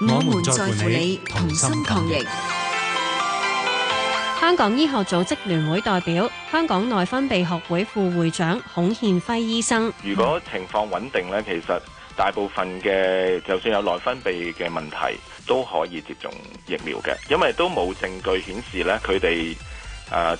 我們在乎你同心抗疫。同同香港醫學組織聯會代表、香港內分泌學會副會長孔憲輝醫生：如果情況穩定咧，其實大部分嘅就算有內分泌嘅問題，都可以接種疫苗嘅，因為都冇證據顯示咧佢哋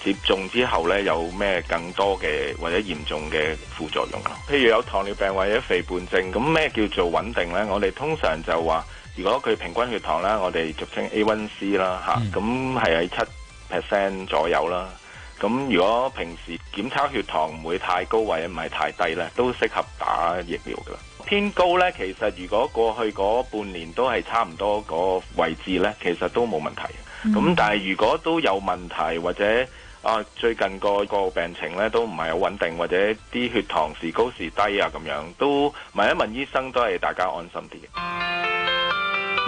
誒接種之後咧有咩更多嘅或者嚴重嘅副作用啦。譬如有糖尿病或者肥胖症，咁咩叫做穩定咧？我哋通常就話。如果佢平均血糖咧，我哋俗稱 A1C 啦，吓、mm. 啊，咁係喺七 percent 左右啦。咁如果平時檢測血糖唔會太高或者唔係太低咧，都適合打疫苗噶啦。偏高咧，其實如果過去嗰半年都係差唔多嗰個位置咧，其實都冇問題。咁、mm. 但係如果都有問題，或者啊最近個個病情咧都唔係好穩定，或者啲血糖時高時低啊咁樣都問一問醫生都係大家安心啲嘅。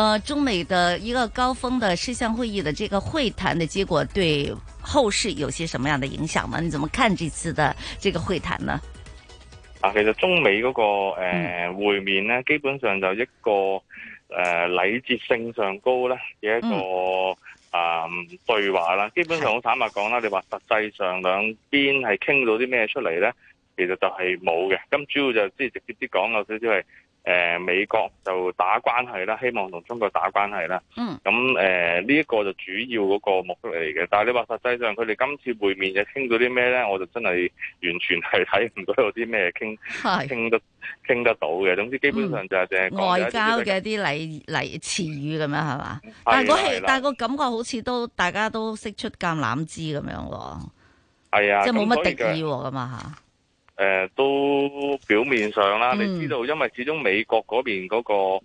呃，中美的一個高峰的視像會議的這個會談的結果，對後市有些什麼樣的影響嗎？你怎麼看這次的這個會談呢？啊，其實中美嗰、那個誒、呃嗯、會面咧，基本上就一個誒、呃、禮節性上高咧嘅一個啊、嗯呃、對話啦。基本上我坦白講啦，的你話實際上兩邊係傾到啲咩出嚟咧，其實就係冇嘅。咁主要就即係直接啲講，有少少係。誒、呃，美國就打關係啦，希望同中國打關係啦。嗯。咁誒，呢、呃、一、這個就主要嗰個目的嚟嘅。但係你話實際上佢哋今次會面嘅傾咗啲咩咧，我就真係完全係睇唔到有啲咩傾傾得傾得到嘅。總之基本上就係、嗯、外交嘅啲禮禮詞語咁樣係嘛。是是的但係的但係個感覺好似都大家都識出橄欖枝咁樣喎。係啊的。即係冇乜敵意㗎嘛吓。嗯誒、呃，都表面上啦，嗯、你知道，因為始終美國嗰邊嗰個誒誒、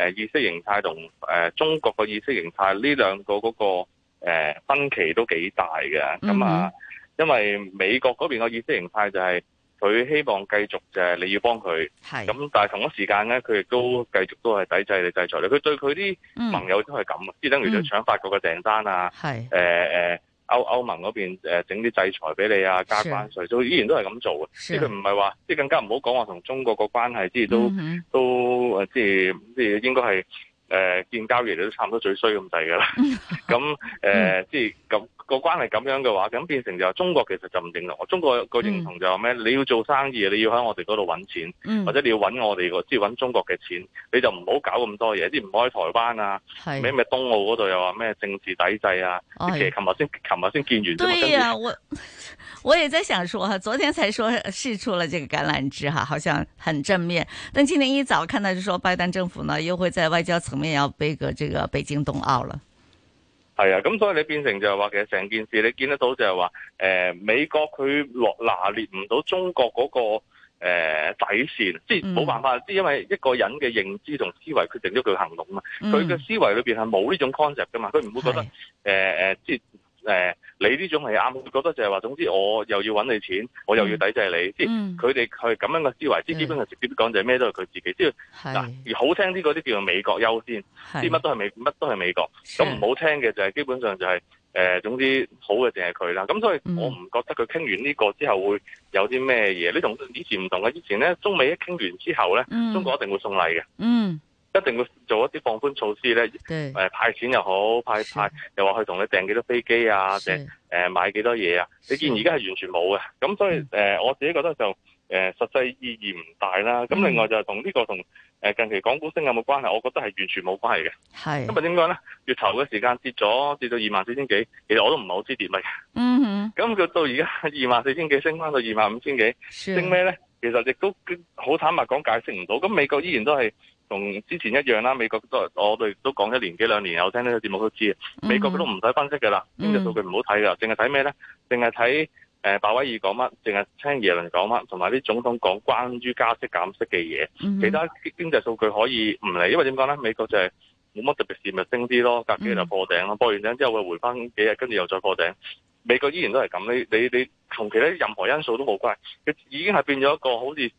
呃、意識形態同誒中國嘅意識形態呢兩個嗰、那個誒、呃、分歧都幾大嘅。咁、嗯、哼啊，因為美國嗰邊嘅意識形態就係佢希望繼續就係你要幫佢，咁是但係同一時間咧，佢亦都繼續都係抵制你制裁你。佢對佢啲盟友都係咁，即係等於就搶法國嘅訂單啊，誒誒、嗯。歐歐盟嗰邊整啲、呃、制裁俾你啊，加關稅，所以依然都係咁做嘅，即佢唔係話，即更加唔好講話同中國個關係，即都、mm hmm. 都即即、呃、應該係建、呃、交期都差唔多最衰咁滯嘅啦，咁即咁。呃 mm hmm. 誒個關係咁樣嘅話，咁變成就中國其實就唔認同。中國個認同就係咩？你要做生意，你要喺我哋嗰度揾錢，嗯、或者你要揾我哋個，即係揾中國嘅錢，你就唔好搞咁多嘢，啲唔開台灣啊，咩咩的冬奧嗰度又話咩政治抵制啊。啊其實琴日先，琴日先見完。對啊，着我我也在想說哈，昨天才說釋出了這個橄欖枝哈，好像很正面。但今天一早看到就說拜登政府呢又會在外交層面要背個這個北京冬奧了。係啊，咁所以你變成就係話，其實成件事你見得到就係話，誒、呃，美國佢落拿捏唔到中國嗰、那個誒、呃、底線，即係冇辦法，即係、嗯、因為一個人嘅認知同思維決定咗佢行動嘛，佢嘅、嗯、思維裏邊係冇呢種 concept 噶嘛，佢唔會覺得誒誒是、呃，即係。誒、呃，你呢種係啱，覺得就係話，總之我又要揾你錢，我又要抵制你，即係佢哋去咁樣嘅思維，即基本上直接講就係咩都係佢自己，即嗱是，而好聽啲嗰啲叫做美國優先，啲乜是都係美，乜都係美國。咁唔好聽嘅就係、是、基本上就係、是、誒、呃，總之好嘅淨係佢啦。咁所以我唔覺得佢傾完呢個之後會有啲咩嘢，呢種、嗯、以前唔同嘅。以前咧，中美一傾完之後咧，嗯、中國一定會送禮嘅、嗯。嗯。一定會做一啲放寬措施咧，誒派錢又好，派派又話去同你訂幾多飛機啊，訂誒買幾多嘢啊？你見而家係完全冇嘅，咁所以誒我自己覺得就誒實際意義唔大啦。咁另外就係同呢個同誒近期港股升有冇關係？我覺得係完全冇關係嘅。咁因為點講咧？月頭嘅時間跌咗跌到二萬四千幾，其實我都唔係好知跌乜嘅。嗯哼，咁佢到而家二萬四千幾升翻到二萬五千幾，升咩咧？其實亦都好坦白講解釋唔到。咁美國依然都係。同之前一樣啦、啊，美國都我哋都講一年幾兩年，有聽呢個節目都知美國佢都唔使分析㗎啦，mm hmm. 經濟數據唔好睇嘅，淨係睇咩咧？淨係睇誒鮑威爾講乜，淨係聽耶倫講乜，同埋啲總統講關於加息減息嘅嘢。Mm hmm. 其他經濟數據可以唔理，因為點講咧？美國就係冇乜特別事咪升啲咯，隔幾日就破頂咯，破、mm hmm. 完頂之後會回翻幾日，跟住又再破頂。美國依然都係咁，你你你同其他任何因素都冇關，佢已經係變咗一個好似。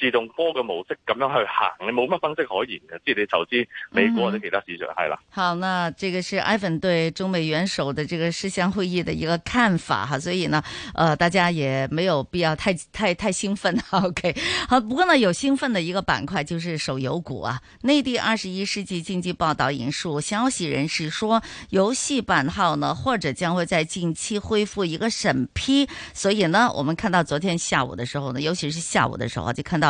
自動波嘅模式咁樣去行，你冇乜分析可言嘅。即係你投資美國或者其他市場，係啦、嗯。的好，那這個是 Evan 對中美元首的這個視像會議的一個看法哈，所以呢，呃，大家也沒有必要太太太興奮。OK，好，不過呢，有興奮的一個板塊就是手遊股啊。內地二十一世紀經濟報道引述消息人士說，遊戲版號呢，或者將會在近期恢復一個審批。所以呢，我們看到昨天下午的時候呢，尤其是下午的時候就看到。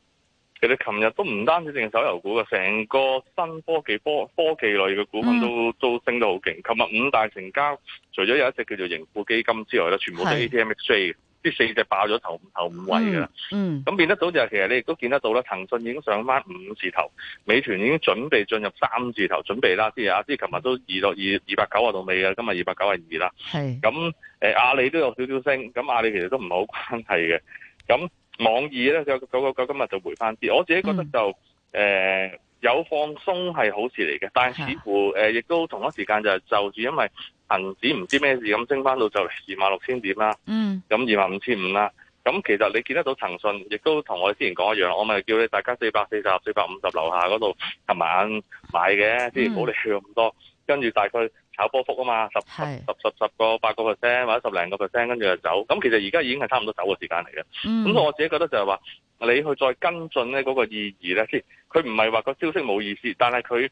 其實琴日都唔單止淨係手遊股嘅，成個新科技科科技類嘅股份都、嗯、都升到好勁。琴日五大成交，除咗有一隻叫做盈富基金之外咧，全部都 A T M X J，即是四隻爆咗頭頭五位嘅啦、嗯。嗯，咁變得到就係、是、其實你亦都見得到啦，騰訊已經上翻五字頭，美團已經準備進入三字頭，準備啦。即係阿啲琴日都二到二二百九啊到尾嘅，今日二百九啊二啦。係是。咁誒、呃、阿里都有少少升，咁阿里其實都唔係好關係嘅。咁網易咧就九九九今日就回翻啲，我自己覺得就誒、嗯呃、有放鬆係好事嚟嘅，但係似乎誒亦、呃、都同一時間就就住，因為銀紙唔知咩事咁升翻到就二萬六千點啦，咁二萬五千五啦，咁、嗯嗯、其實你見得到騰訊，亦都同我之前講一樣，我咪叫你大家四百四十、四百五十樓下嗰度琴晚買買嘅，即係冇你去咁多，嗯、跟住大概。有波幅啊嘛，十是十十十十個八個 percent 或者十零個 percent，跟住就走。咁其實而家已經係差唔多走嘅時間嚟嘅。咁、嗯、我自己覺得就係話，你去再跟進咧嗰個意義咧先。佢唔係話個消息冇意思，但係佢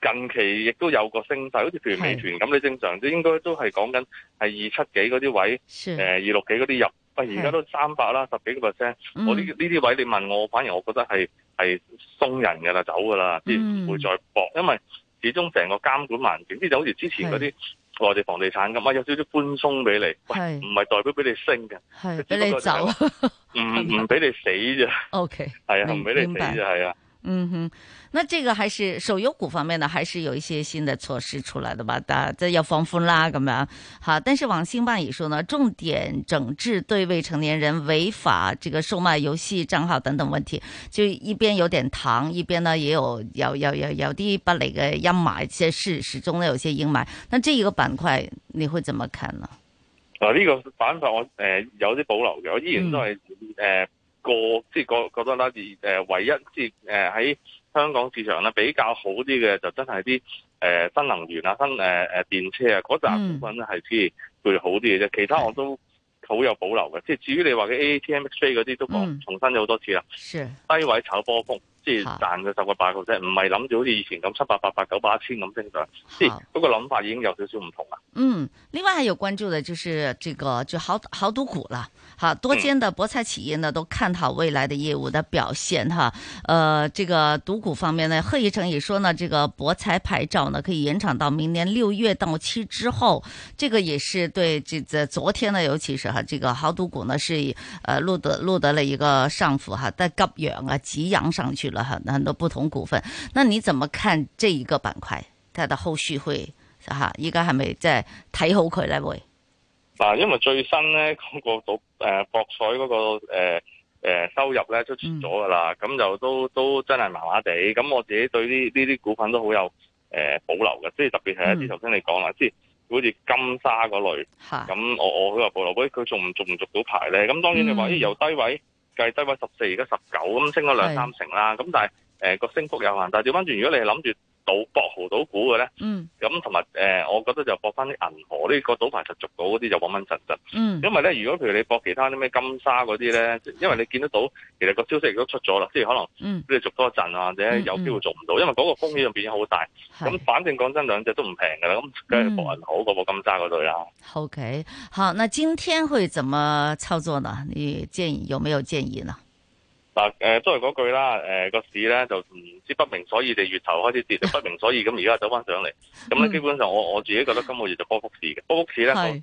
誒近期亦都有個升勢，好似譬如美團咁你是正常，即係應該都係講緊係二七幾嗰啲位，誒二六幾嗰啲入。喂是，而家都三百啦，十幾個 percent。嗯、我呢呢啲位你問我，反而我覺得係係鬆人㗎啦，走㗎啦，先唔會再搏，嗯、因為。始終成個監管環境，即係好似之前嗰啲內地房地產咁，咪是有少少寬鬆俾你，是喂唔係代表俾你升嘅，俾是、就是、你走、啊嗯，唔唔俾你死啫。O K，係唔俾你死啫，係白啊。嗯哼，那這個還是手遊股方面呢，還是有一些新的措施出來的吧？大家要防風啦，咁樣好。但是網信辦也說呢，重點整治對未成年人違法這個售賣遊戲賬號等等問題。就一邊有點糖，一邊呢也有有有有有啲把那個陰霾，一些事始終呢有些陰霾。那這一個板塊你會怎麼看呢？啊，呢、這個板塊我誒、呃、有啲保留嘅，我依然都係誒。嗯個即係覺得啦，而誒唯一即係誒喺香港市場咧比較好啲嘅，就是真係啲誒新能源啊、新誒誒電車啊嗰扎股份咧係先會好啲嘅啫。嗯、其他我都好有保留嘅，即係是至於你話嘅 a t m x 3嗰啲都講、嗯、重新咗好多次啦，是低位炒波峰賺個十個八個啫，唔係諗住好似以前咁七八八八九八千咁升上，即係嗰個諗法已經有少少唔同啦。嗯，另外還有關注的就是這個就豪豪賭股啦，好多間嘅博彩企業呢都看好未來嘅業務嘅表現哈。嗯、呃，這個賭股方面呢，賀一誠也說呢，這個博彩牌照呢可以延長到明年六月到期之後，這個也是對這在昨天呢，尤其是哈，這個豪賭股呢是，呃錄得錄得了一個上幅哈，但急揚啊，急揚上去了。很多不同股份，那你怎麼看這一個板塊？它的後續會哈，家係咪即係睇好佢咧？會嗱，因為最新咧講到誒博彩嗰個誒誒收入咧出錢咗噶啦，咁、嗯、就都都真係麻麻地。咁我自己對呢呢啲股份都好有誒保留嘅，即係特別係一啲頭先你講啦，即係好似金沙嗰類，咁的我我好保留，喂佢仲續唔續到牌咧？咁當然你話咦、嗯、由低位。計低位十四，而家十九咁，升咗兩三成啦。咁是的 但係誒個升幅有限。但係調翻轉，如果你係諗住，賭博豪賭股嘅咧，咁同埋誒，我覺得就搏翻啲銀河呢、呢個賭牌實續到嗰啲就穩穩陣陣。嗯，因為咧，如果譬如你搏其他啲咩金沙嗰啲咧，因為你見得到，其實個消息亦都出咗啦，即係可能你續多一陣、啊、或者有機會做唔到，嗯嗯、因為嗰個風險就變咗好大。咁是反正講真，兩隻都唔平噶啦，咁梗係搏銀好過金沙嗰類啦。OK，好，那今天會怎麼操作呢？你建議有冇有建議呢？嗱，誒都係嗰句啦，誒個市咧就唔知不明所以地月頭開始跌，不明所以咁而家走翻上嚟，咁咧、 嗯、基本上我我自己覺得今個月就波幅市嘅，波幅市咧誒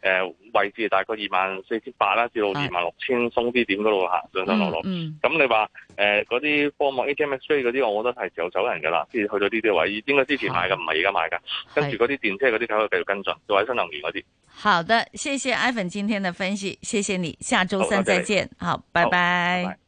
誒位置大概二萬四千八啦，至到二萬六千鬆啲點嗰度嚇上上落落，咁、嗯嗯嗯、你話誒嗰啲科網 ATM S Three 嗰啲，我覺得係時候走人噶啦，即係去到呢啲位，應該之前買嘅唔係而家買噶，跟住嗰啲電車嗰啲睇下繼續跟進，做下新能源嗰啲。好的，謝謝 Ivan 今天的分析，謝謝你，下周三再見，好，拜拜。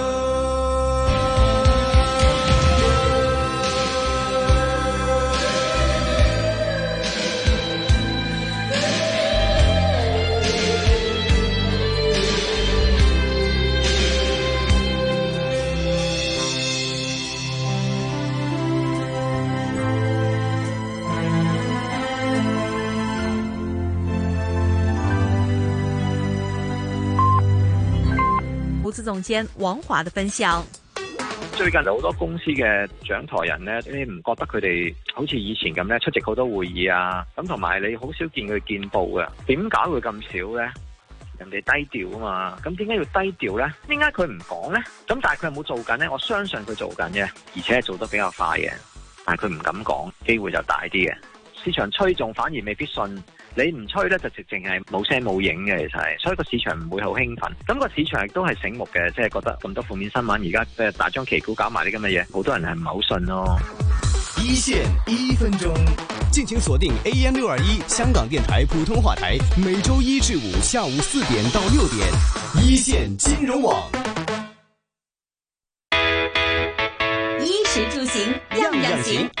兼王華的分享，最近就好多公司嘅掌舵人咧，你唔覺得佢哋好似以前咁咧出席好多會議啊？咁同埋你好少見佢見報嘅，點解會咁少咧？人哋低調啊嘛，咁點解要低調咧？點解佢唔講咧？咁但係佢有冇做緊咧？我相信佢做緊嘅，而且係做得比較快嘅，但係佢唔敢講，機會就大啲嘅。市場吹動反而未必信。你唔吹咧，就直直係冇聲冇影嘅。其實係，所以市不、那個市場唔會好興奮。咁個市場亦都係醒目嘅，即、就、係、是、覺得咁多負面新聞，而家即係大張旗鼓搞埋啲咁嘅嘢，好多人係唔係好信咯。一線一分鐘，敬請鎖定 AM 六二一香港電台普通話台，每周一至五下午四點到六點，一線金融網，衣食住行樣樣行。樣行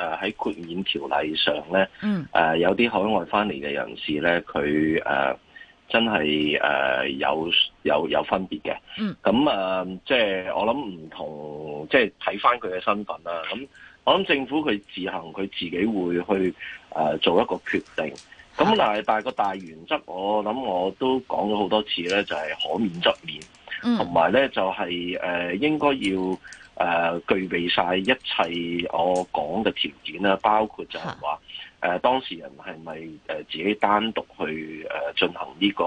誒喺豁免條例上咧，誒、嗯呃、有啲海外返嚟嘅人士咧，佢誒、呃、真係誒、呃、有有有分別嘅。咁啊、嗯，即係、呃就是、我諗唔同，即係睇返佢嘅身份啦。咁我諗政府佢自行佢自己會去誒、呃、做一個決定。咁但係但係個大原則，我諗我都講咗好多次咧，就係、是、可免則免，同埋咧就係、是、誒、呃、應該要。誒、呃、具備晒一切我講嘅條件啦，包括就係話誒當事人係咪誒自己單獨去誒進行呢、這個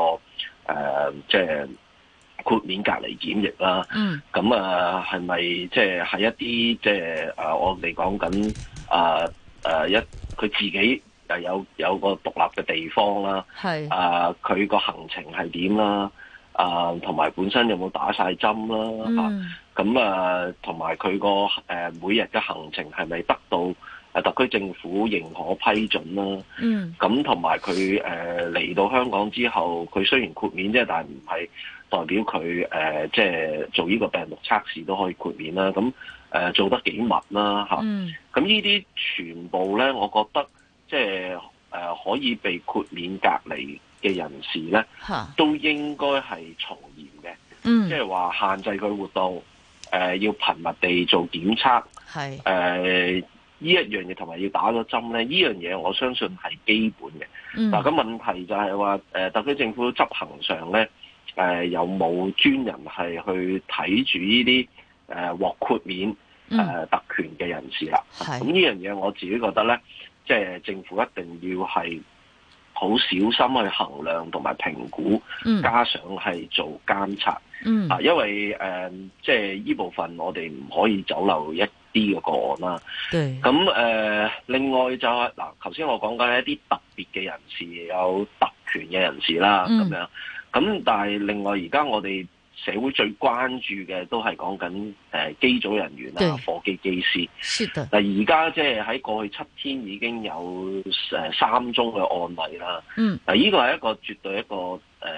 誒即係豁免隔離檢疫啦、啊？嗯，咁啊係咪即係係一啲即係啊我哋講緊啊誒一佢自己又有有個獨立嘅地方啦？係啊，佢個是、啊、行程係點啦？啊，同埋本身有冇打晒針啦、啊？嗯。咁啊，同埋佢個誒每日嘅行程係咪得到誒特區政府認可批准啦？嗯。咁同埋佢誒嚟到香港之後，佢雖然豁免啫，但係唔係代表佢誒即係做呢個病毒測試都可以豁免啦？咁誒、呃、做得幾密啦？吓，嗯。咁呢啲全部咧，我覺得即係誒可以被豁免隔離嘅人士咧，哈都應該係從嚴嘅。嗯。即係話限制佢活動。誒要頻密地做檢測，係誒是、呃、呢一樣嘢，同埋要打咗針咧，呢樣嘢我相信係基本嘅。嗱、嗯，咁問題就係話，特區政府執行上咧，誒、呃、有冇專人係去睇住呢啲誒獲豁免誒、呃、特權嘅人士啦？咁呢樣嘢我自己覺得咧，即、就、係、是、政府一定要係。好小心去衡量同埋評估，加上係做監察，嗯、啊，因為誒，即係呢部分我哋唔可以走漏一啲嘅個案啦。咁誒對、啊，另外就係嗱，頭先我講緊一啲特別嘅人士，有特權嘅人士啦，咁樣，咁、嗯、但係另外，而家我哋。社會最關注嘅都係講緊誒機組人員啦，對火機機師。嗱的，而家即係喺過去七天已經有誒三宗嘅案例啦。嗯。嗱，呢個係一個絕對一個誒、呃，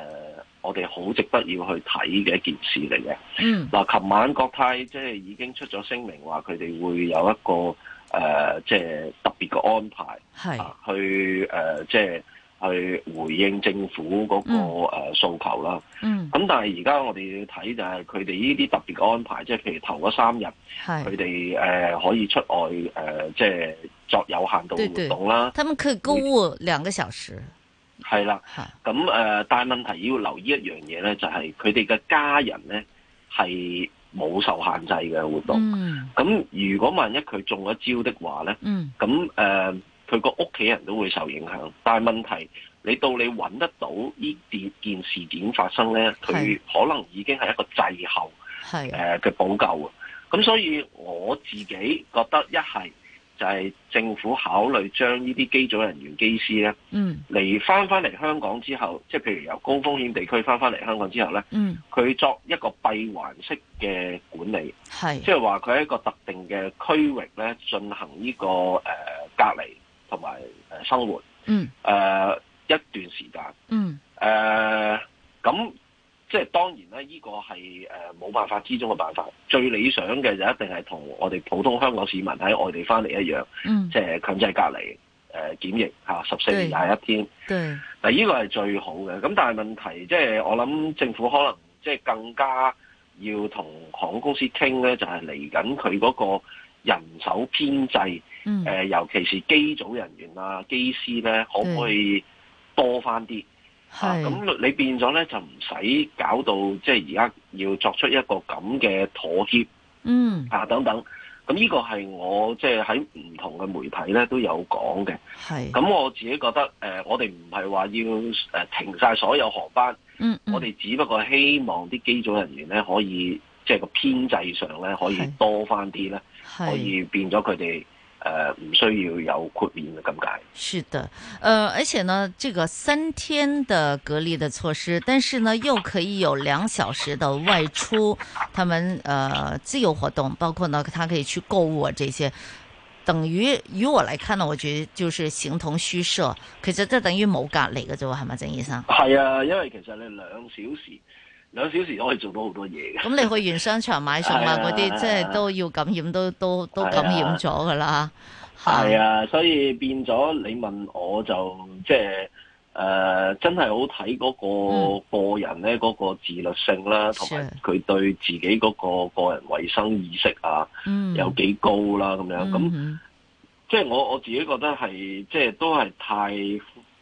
我哋好值得要去睇嘅一件事嚟嘅。嗯。嗱，琴晚國泰即係已經出咗聲明話，佢哋會有一個誒，即、呃、係、就是、特別嘅安排，係是、啊、去誒，即、呃、係。就是去回應政府嗰個誒訴求啦。嗯，咁、嗯、但係而家我哋要睇就係佢哋呢啲特別嘅安排，即係譬如頭嗰三日，佢哋誒可以出外誒，即、呃、係作有限度活動啦對對。他們可以購物兩個小時。係啦，咁誒是、呃，但係問題要留意一樣嘢咧，就係佢哋嘅家人咧係冇受限制嘅活動。嗯，咁如果萬一佢中咗招的話咧，嗯，咁誒。呃佢個屋企人都會受影響，但係問題，你到你搵得到呢件件事件發生咧，佢是的 可能已經係一個滯後，係誒嘅補救啊。咁是的 所以我自己覺得一係就係政府考慮將呢啲機組人員、機師咧，嗯，嚟翻翻嚟香港之後，即係譬如由高風險地區翻翻嚟香港之後咧，嗯，佢作一個閉環式嘅管理，係，即係話佢喺一個特定嘅區域咧進行呢、呢個誒、呃、隔離。同埋生活，嗯、呃，一段時間，嗯，咁、呃、即係當然咧，呢、呢個係冇、呃、辦法之中嘅辦法，最理想嘅就一定係同我哋普通香港市民喺外地翻嚟一樣，嗯、即係強制隔離誒、呃、檢疫嚇十四日廿一天，對，對，嗱呢個係最好嘅，咁但係問題即係我諗政府可能即係更加要同航空公司傾咧，就係嚟緊佢嗰個。人手編制，誒、嗯、尤其是機組人員啊、機師咧，是可唔可以多翻啲？嚇是，咁、啊、你變咗咧就唔使搞到即係而家要作出一個咁嘅妥協，嗯，嚇、啊、等等。咁呢個係我即係喺唔同嘅媒體咧都有講嘅。係是，咁我自己覺得誒是、呃，我哋唔係話要誒停晒所有航班，嗯，嗯，我哋只不過希望啲機組人員咧可以即係個編制上咧可以多翻啲咧。可以變咗佢哋誒，唔需要有豁免嘅咁解。是的，誒、呃、而且呢，這個三天的隔離的措施，但是呢又可以有兩小時的外出，他們誒、呃、自由活動，包括呢，他可以去購物啊這些，等於以我來看呢，我覺得就是形同虛設。其實即等於冇隔離嘅啫，係咪曾醫生？係啊，因為其實你兩小時。兩小時都可以做到好多嘢嘅。咁你去完商場買餸啊、嗰啲，即係、 啊啊、都要感染，都都都感染咗㗎喇，係啊，所以變咗你問我就即係誒，真係好睇嗰個個人咧嗰、嗯、個自律性啦，同埋佢對自己嗰個個人衛生意識啊，嗯、有幾高啦咁樣。咁即係我我自己覺得係即係都係太。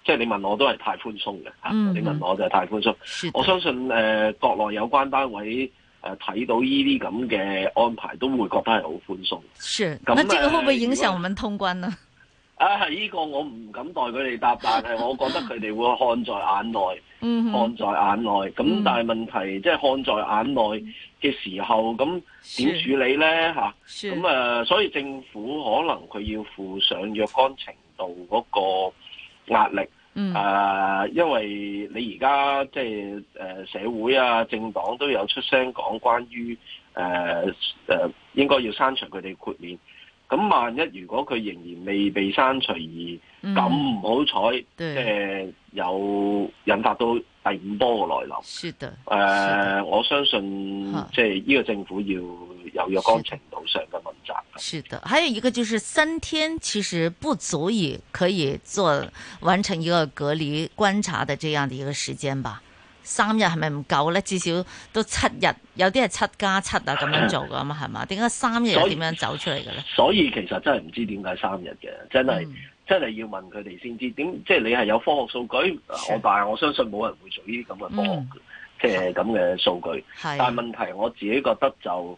即係你問我都係太寬鬆嘅、嗯、哼你問我就係太寬鬆。的我相信誒、呃、國內有關單位誒睇、呃、到呢啲咁嘅安排，都會覺得係好寬鬆。係咁，呢樣個會唔會影響我們通關呢？啊係呢個，我唔敢代佢哋答， 但係我覺得佢哋會看在眼內，嗯、哼看在眼內。咁但係問題即係看在眼內嘅時候，咁點、嗯、處理呢？嚇是？咁啊是、嗯呃，所以政府可能佢要附上若干程度嗰、那個。壓力，呃，因為你而家即係誒社會啊，政黨都有出聲講關於誒誒，應該要刪除佢哋豁免。咁萬一如果佢仍然未被刪除而咁唔好彩，即係，呃，有引發到。第五波嘅來臨是的誒，呃、是的我相信即係呢個政府要有若干程度上嘅問責。是的，還有一個就是三天，其實不足以可以做完成一個隔離觀察的這樣的一個時間吧。三日係咪唔夠呢？至少都七日，有啲係七加七啊咁樣做噶嘛，係嘛？ 點解三日點樣以走出嚟嘅呢？所以,所以其實真係唔知點解三日嘅，真係、嗯。真係要問佢哋先知點，即係你係有科學數據。我的、嗯、但係我相信冇人會做呢啲咁嘅科學嘅即係咁嘅數據。但係問題我自己覺得就。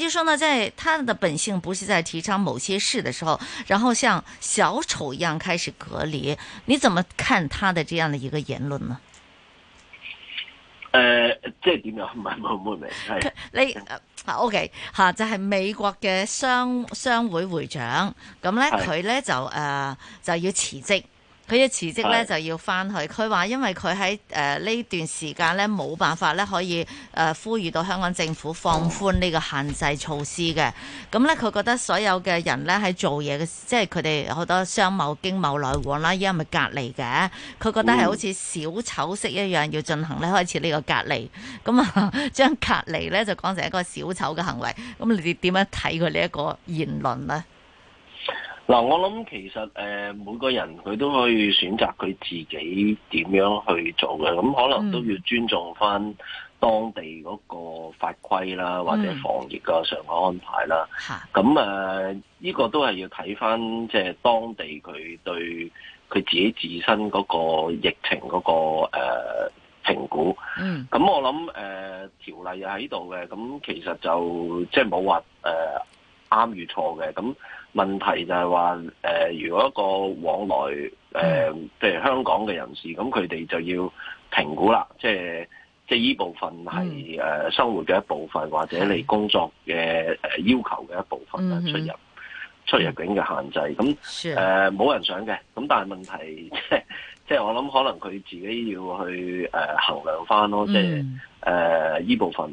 就是說呢，在他的本性不是在提倡某些事的時候，然後像小丑一樣開始隔離，你怎麼看他的這樣的一個言論呢？誒、uh，即係點樣？唔係係你，OK，吓就係美國嘅商商會會長，咁咧佢咧就誒、uh, 就要辭職。佢一辭職咧就要翻去，佢話是因為佢喺誒呢段時間咧冇辦法咧可以誒呼籲到香港政府放寬呢個限制措施嘅，咁咧佢覺得所有嘅人咧喺做嘢嘅，即係佢哋好多商貿經貿來往啦，依家係咪隔離嘅，佢覺得係好似小丑式一樣要進行咧開始呢個隔離，咁啊、嗯、 將隔離咧就講成一個小丑嘅行為，咁你哋點樣睇佢呢一個言論咧？嗱，我諗其實誒，每個人佢都可以選擇佢自己點樣去做嘅，咁可能都要尊重翻當地嗰個法規啦，或者防疫嘅上海安排啦。咁誒，呢個都係要睇翻即係當地佢對佢自己自身嗰個疫情嗰個誒、呃、呃、評估、mm.。嗯、呃，咁我諗誒條例又喺度嘅，咁其實就即係冇話誒啱與錯嘅咁。就是問題就係話，誒、呃，如果一個往來，誒、呃，即係香港嘅人士，咁佢哋就要評估啦，即係即係依部分係誒、呃、生活嘅一部分，或者你工作嘅誒、呃、要求嘅一部分出入、嗯、哼出入境嘅限制，咁誒冇人想嘅，咁但係問題、就是，即係即係我諗，可能佢自己要去誒、呃、衡量翻咯，嗯、即係誒依部分。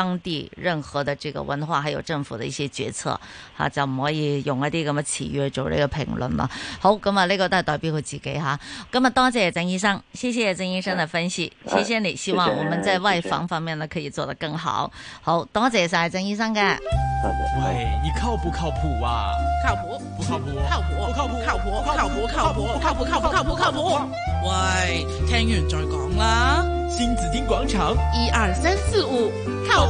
當地任何的這個文化，還有政府的一些決策，吓就唔可以用一啲咁嘅詞語做呢個評論啦。好，咁啊呢個都係代表佢自己吓。咁啊多謝曾醫生，謝謝曾醫生的分析，謝謝你。希望我們在外防方面呢，可以做得更好。好多謝晒曾醫生嘅。喂，你靠不靠譜啊？靠譜。不靠譜。靠譜。不靠譜。靠譜。不靠譜。靠譜。不靠譜。靠譜。靠譜。靠譜。靠譜。喂，聽完再講啦。新紫荊廣場。一二三四五，靠。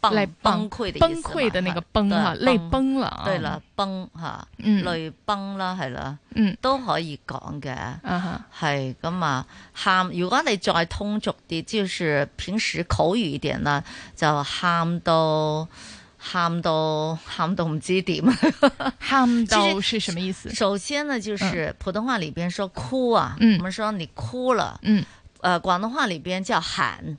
崩崩潰的崩潰的那個崩啊，淚崩了。對啦，崩吓，嗯，淚崩啦，係啦，嗯，都可以講嘅，嗯，係咁啊，喊，如果你再通俗啲，就是平時口語一點啦，就喊到喊到喊到唔知點，喊到是什麼意思？首先呢，就是普通話裏邊說哭啊，嗯，我們說你哭了，嗯，誒，廣東話裏邊叫喊。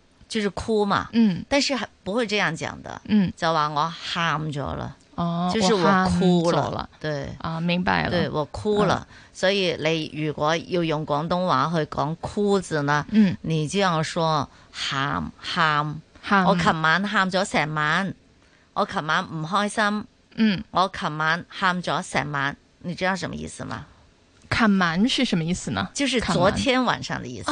就是哭嘛，嗯，但是不會這樣講的，嗯，就話我喊咗了，哦，就是我哭了，對，啊，明白了，對我哭了，所以你如果要用廣東話去講哭字呢，嗯，你就要說，喊喊喊，我琴晚喊咗成晚，我琴晚唔開心，嗯，我琴晚喊咗成晚，你知道什麼意思嗎？琴晚是什麼意思呢？就是昨天晚上的意思。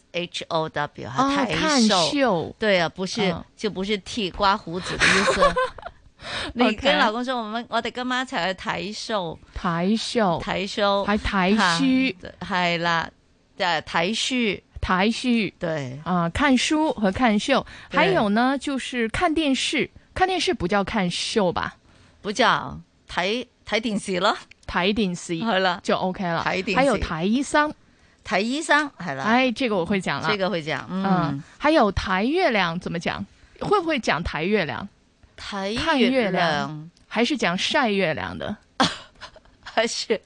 h o w 還看秀？對啊，不是就不是剃刮鬍子的意思。你跟老公說，我們我哋今晚來睇秀，睇秀，睇秀，還睇書，係啦，誒睇書，睇書，對啊，看書和看秀，還有呢就是看電視，看電視不叫看秀吧？不叫睇睇電視咯，睇電視，係啦，就 O K 啦，還有睇醫生。睇醫生，係啦。哎，這個我會講啦。這個會講，嗯，嗯還有睇月亮怎麼講？會不會講睇月亮？睇月，月亮還是講晒月亮的？還是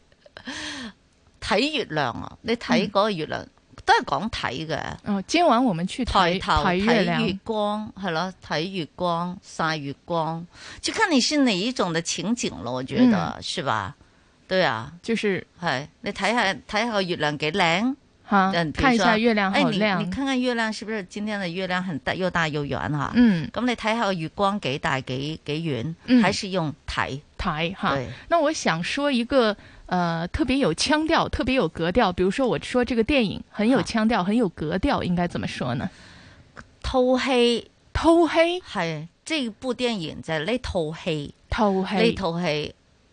睇月亮啊？你睇嗰個月亮、嗯、都係講睇嘅。嗯，今晚我們去抬頭睇月，月光，係咯，睇月光晒月光，就看你是哪一種的情景咯。我覺得、嗯、是吧？對啊，就是係你睇下睇下個月亮幾靚，吓，睇下月亮好亮。你看看月亮是不是今天的月亮很大又大又圓啊，嗯，咁你睇下月光幾大幾幾遠，還是用睇睇哈。對，那我想說一個，誒，特別有腔調，特別有格調。比如說我說這個電影很有腔調，很有格調，應該怎麼說呢？偷黑偷黑，係這部電影就係呢套戲，套戲套戲。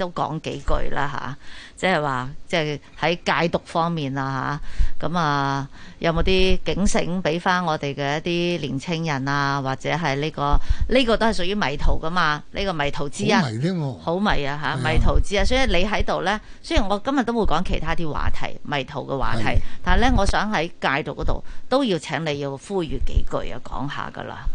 都講幾句啦吓，即係話即係喺戒毒方面啦吓，咁啊，啊有冇啲警醒俾翻我哋嘅一啲年青人啊，或者係呢、這個呢、這個都係屬於迷途噶嘛？呢、這個迷途之一，好迷好、啊、迷啊吓，啊啊迷途之啊。所以你喺度呢，雖然我今日都會講其他啲話題，迷途嘅話題，是的 但係呢，我想喺戒毒嗰度都要請你要呼籲幾句啊，講下噶啦。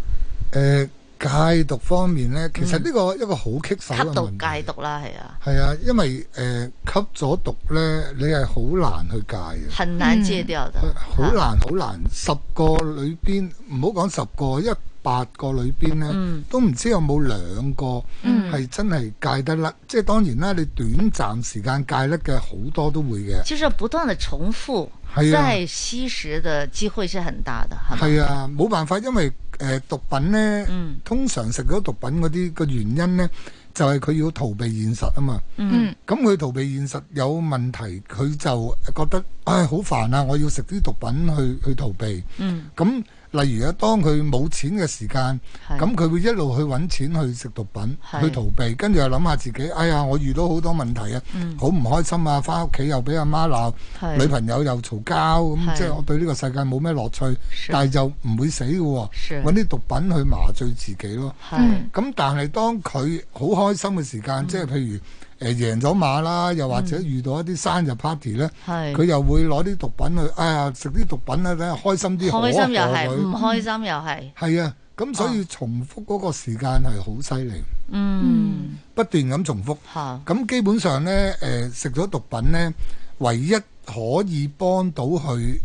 誒。欸戒毒方面咧，其實呢、這個、嗯、一個好棘手嘅問題。吸毒戒毒啦，係啊。係啊，因為誒、呃、吸咗毒咧，你係好難去戒嘅、嗯。很難戒掉的。好、啊、難，好難，十個裏邊唔好講十個，一百個裏邊咧，嗯、都唔知道有冇兩個係真係戒得甩。嗯、即係當然啦，你短暫時間戒得嘅好多都會嘅。就是不斷的重複。再吸食嘅機會是很大的，係嘛？係啊，冇吧辦法，因為誒、呃、毒品咧，嗯、通常食咗毒品嗰啲個原因咧，就係、是、佢要逃避現實啊嘛。咁佢、嗯、逃避現實有問題，佢就覺得唉、哎、好煩啊，我要食啲毒品去去逃避。咁、嗯例如啊，當佢冇錢嘅時間，咁佢是會一路去揾錢去食毒品，是去逃避，跟住又諗下自己，哎呀，我遇到好多問題啊，好唔、嗯、開心啊，返屋企又俾阿媽鬧，是女朋友又嘈交，咁是即係我對呢個世界冇咩樂趣，是但係就唔會死嘅喎、哦，揾啲是毒品去麻醉自己咯。咁但係當佢好開心嘅時間，即係譬如。誒贏咗馬啦，又或者遇到一啲生日 party 咧，佢又會攞啲毒品去，哎呀食啲毒品呢，等下開心啲，開心又係，唔開心又係。係啊，咁所以重複嗰個時間係好犀利，嗯，不斷咁重複。嚇，咁基本上咧，誒食咗毒品咧，唯一可以幫到佢，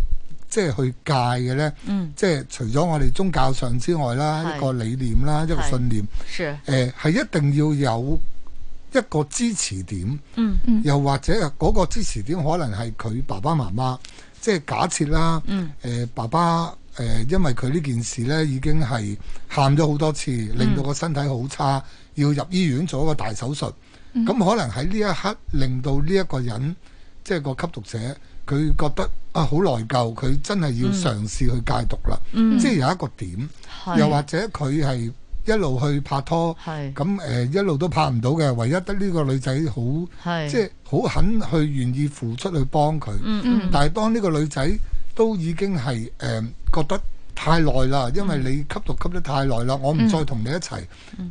即係去戒嘅咧，即係除咗我哋宗教上之外啦，一個理念啦，一個信念，誒係一定要有。一個支持點，嗯嗯，嗯又或者嗰個支持點可能係佢爸爸媽媽，即係假設啦，嗯，誒爸爸誒，因為佢呢件事呢已經係喊咗好多次，令到個身體好差，嗯，要入醫院做一個大手術，咁，嗯，可能喺呢一刻令到呢一個人即係個吸毒者，佢覺得啊好，呃，內疚，佢真係要嘗試去戒毒啦，嗯嗯，即係有一個點，係，又或者佢係。一路去拍拖，咁誒是、嗯、一路都拍唔到嘅，唯一得呢個女仔好，是即係好肯去願意付出去幫佢。嗯嗯、但係當呢個女仔都已經係誒、呃、覺得太耐啦，嗯、因為你吸毒吸得太耐啦，我唔再同你一齊，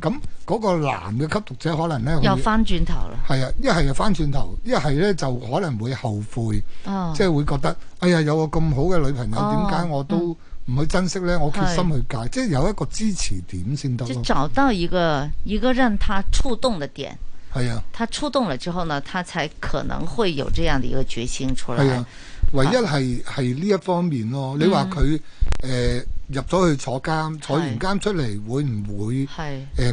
咁嗰、嗯嗯、個男嘅吸毒者可能咧，又翻轉頭啦。係啊，一係又翻轉頭，一係咧就可能會後悔，哦、即係會覺得哎呀有個咁好嘅女朋友，點解我都？嗯唔去珍惜呢，我決心去戒是，即係有一個支持點先得，即就找到一個一個讓他觸動的點，係啊，他觸動了之後呢，他才可能會有這樣的一個決心出來。係啊，啊唯一係係呢一方面咯。嗯、你話佢誒入咗去坐監，是坐完監出嚟會唔會誒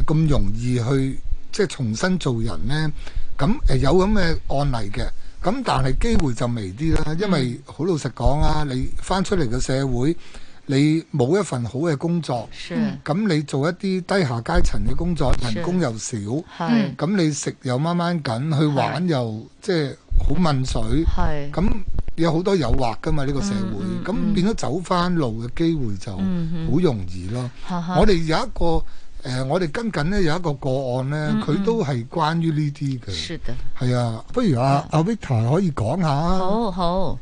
咁是、呃、容易去即係重新做人呢？咁誒、呃、有咁嘅案例嘅，咁但係機會就微啲啦。嗯、因為好老實講啊，你翻出嚟嘅社會。你冇一份好嘅工作，咁你做一啲低下階層嘅工作，人工又少，咁你食又掹掹緊，去玩又即係好問水，咁有好多誘惑噶嘛，呢個社會，咁變咗走翻路嘅機會就好容易咯。我哋有一個誒，我哋跟緊呢有一個個案呢，佢都係關於呢啲嘅，係啊，不如阿阿 Vita 可以講下，好好。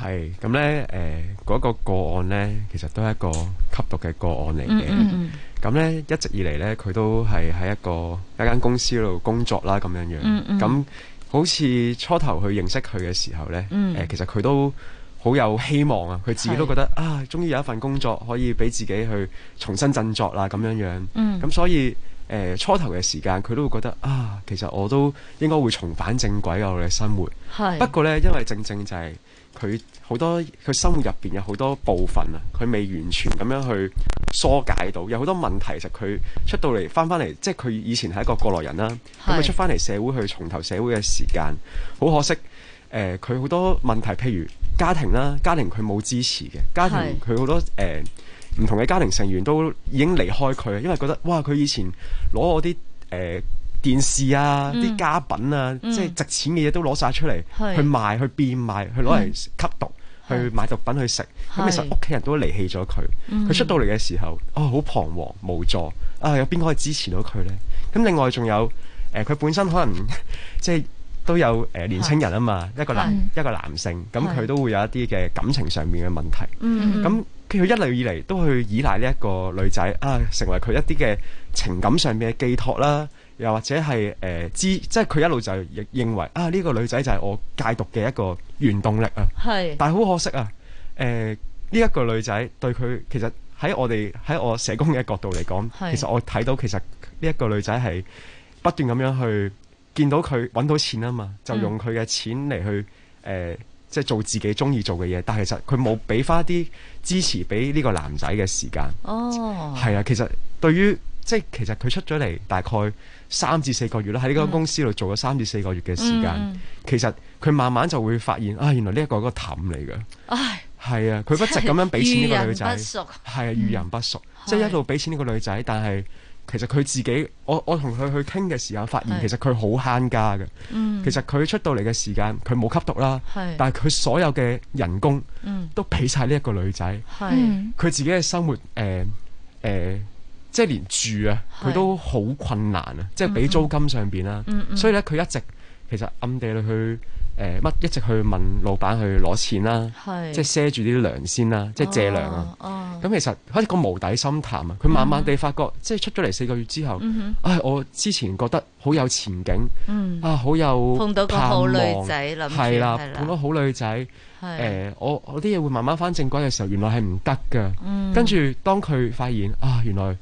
係咁咧，誒，嗰，呃那個個案咧，其實都係一個吸毒嘅個案嚟嘅。咁咧，嗯嗯嗯，一直以嚟咧，佢都係喺一個一間公司度工作啦，咁樣樣。咁，嗯嗯、好似初頭去認識佢嘅時候咧，誒，嗯呃，其實佢都好有希望啊，佢自己都覺得是啊，終於有一份工作可以俾自己去重新振作啦，咁樣樣。咁，嗯、所以，誒，呃，初頭嘅時間，佢都會覺得啊，其實我都應該會重返正軌啊，我嘅生活。係是。不過咧，因為正正就係，是。佢好多佢生活入邊有好多部分啊，佢未完全咁樣去疏解到，有好多問題。其實佢出到嚟翻翻嚟，即係佢以前係一個過是來人啦，咁佢出翻嚟社會去重頭社會嘅時間，好可惜。誒、呃，佢好多問題，譬如家庭啦，家庭佢冇支持嘅，家庭佢好多誒唔、呃、同嘅家庭成員都已經離開佢，因為覺得哇，佢以前攞我啲誒。呃電視啊，啲家品啊，即係值錢嘅嘢都攞晒出嚟去賣，去變賣，去攞嚟吸毒，去買毒品去食。咁其實屋企人都離棄咗佢，佢出到嚟嘅時候，哦，好彷徨冇助啊！有邊個可以支持到佢呢？咁另外仲有誒，佢本身可能即係都有誒年青人啊嘛，一個男一個男性，咁佢都會有一啲嘅感情上面嘅問題。咁佢一路以嚟都去依賴呢一個女仔啊，成為佢一啲嘅情感上面嘅寄託啦。又或者係誒、呃、知，即係佢一路就認認為啊，呢、這個女仔就係我戒毒嘅一個原動力啊。是但係好可惜啊。誒、呃，呢、這、一個女仔對佢其實喺我哋喺我社工嘅角度嚟講，是其實我睇到其實呢一個女仔係不斷咁樣去見到佢揾到錢啊嘛，就用佢嘅錢嚟去、嗯呃、即係做自己中意做嘅嘢。但係其實佢冇俾翻啲支持俾呢個男仔嘅時間。哦，係啊，其實對於即係其實佢出咗嚟大概。三至四個月啦，喺呢間公司度做咗三至四個月嘅時間，嗯、其實佢慢慢就會發現啊、哎，原來呢一個係個氹嚟嘅。唉，係啊，佢是一直咁樣俾錢呢個女仔，係、嗯、啊，遇人不淑，即係是一路俾錢呢個女仔，但係其實佢自己，我我同佢去傾嘅時候，發現其實佢好慳家嘅。是其實佢出到嚟嘅時間，佢冇吸毒啦，是但係佢所有嘅人工，都俾晒呢一個女仔，佢、嗯、是自己嘅生活，誒、呃、誒。呃即係連住啊，佢都好困難啊！即係俾租金上面啦，所以咧佢一直其實暗地裏去誒乜，一直去問老闆去攞錢啦，即係賒住啲糧先啦，即係借糧啊！咁其實好似個無底深潭啊！佢慢慢地發覺，即係出咗嚟四個月之後，啊，我之前覺得好有前景，啊，好有盼望，碰到個好女仔啦，係啦，碰到好女仔，誒，我我啲嘢會慢慢翻正軌嘅時候，原來係唔得㗎，跟住當佢發現啊，原來。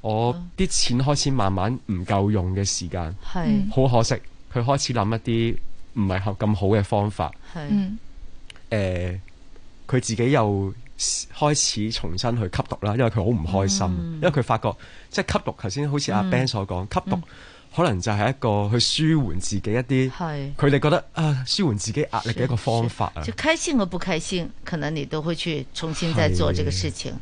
我啲錢開始慢慢唔夠用嘅時間，好是可惜。佢開始諗一啲唔係學咁好嘅方法。誒是，佢、呃、自己又開始重新去吸毒啦，因為佢好唔開心。嗯、因為佢發覺即係吸毒，頭先好似阿 Ben 所講，嗯、吸毒。嗯可能就係一個去舒緩自己一啲，佢哋是覺得啊，舒緩自己壓力嘅一個方法啊。就開心或不開心，可能你都會去重新再做呢個事情，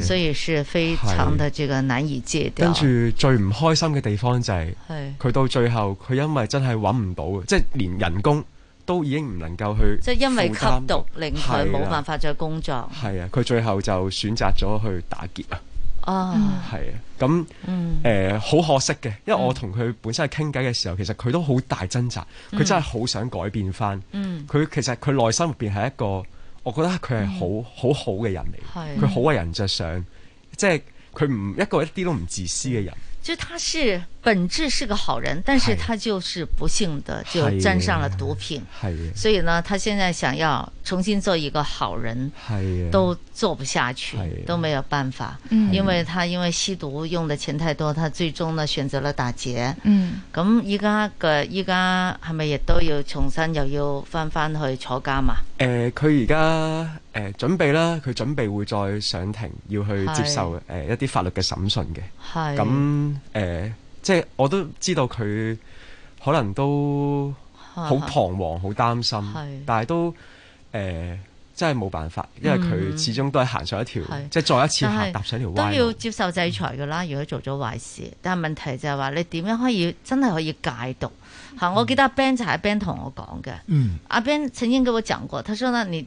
所以是非常的這個難以戒掉。跟住最唔開心嘅地方就係、是，佢是到最後佢因為真係揾唔到，即係是連人工都已經唔能夠去。即係因為吸毒令佢冇辦法再工作。係啊，佢、啊、最後就選擇咗去打劫啊。啊，係啊、oh.，咁，誒、mm. 呃，好可惜嘅，因為我同佢本身係傾偈嘅時候，其實佢都好大掙扎，佢、mm. 真係好想改變翻，嗯，佢其實佢內心入邊係一個，我覺得佢係、mm. 好、mm. 好好嘅人嚟，佢好為人着想，即係。佢唔一個一啲都唔自私嘅人，就他是本質是個好人，但是他就是不幸的就沾上了毒品，係，所以呢，他現在想要重新做一個好人，係的，都做不下去，的都沒有辦法，嗯的，因為他因為吸毒用的錢太多，他最終呢選擇了打劫，的嗯，咁依家嘅依家係咪亦都要重新又要翻翻去坐監啊？誒、呃，佢而家。誒，準備啦！佢準備會再上庭，要去接受誒一啲法律嘅審訊嘅。係咁誒，即係我都知道佢可能都好彷徨，好擔心，但係都誒真係冇辦法，因為佢始終都係行上一條，即係再一次行踏上條路都要接受制裁噶啦。如果做咗壞事，但係問題就係話你點樣可以真係可以戒毒？吓，我記得阿 Ben 就係阿 Ben 同我講嘅，阿 Ben 曾經跟我講過，他說咧你。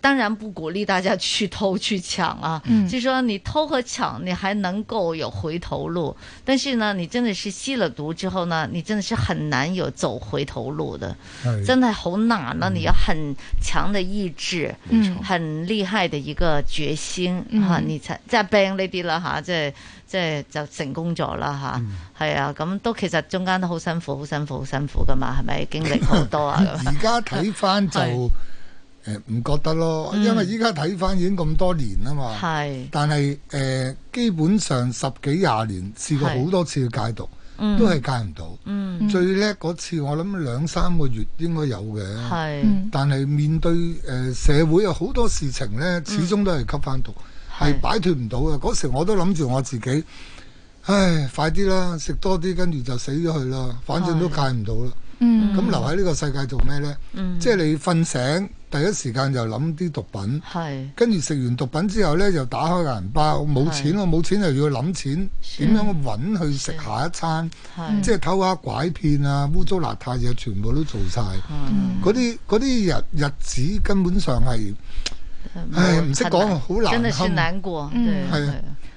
當然不鼓勵大家去偷去搶啊，就說你偷和搶，你還能夠有回頭路，嗯、但是呢，你真的是吸了毒之後呢，你真的是很難有走回頭路的，是真的好難呢、嗯、你要很強的意志，嗯，很厲害的一個決心，吓、嗯啊、你才即係變呢啲啦吓，即係即係就成功咗啦吓，係啊，咁、嗯啊、都其實中間都好辛苦，好辛苦，好辛苦噶嘛，係咪經歷好多啊？而家睇翻就 呃、唔覺得咯，因為依家睇翻已經咁多年啊嘛，嗯、但係誒、呃、基本上十幾廿年試過好多次嘅戒毒，是嗯、都係戒唔到。嗯嗯、最叻嗰次，我諗兩三個月應該有嘅。是嗯、但係面對誒、呃、社會有好多事情呢，始終都係吸翻毒，係、嗯、擺脫唔到嘅。嗰是時我都諗住我自己，唉，快啲啦，食多啲，跟住就死咗佢啦，反正都戒唔到啦。咁、嗯啊、留喺呢個世界做咩呢？嗯、即係你瞓醒。第一時間就諗啲毒品，跟住食完毒品之後呢，就打開銀包，冇錢，我冇錢又要諗錢，點樣揾去食下一餐？即係偷下拐騙啊、污糟邋遢嘢，全部都做晒。嗰啲啲日日子根本上係，唔識講，好難堪。真係難過，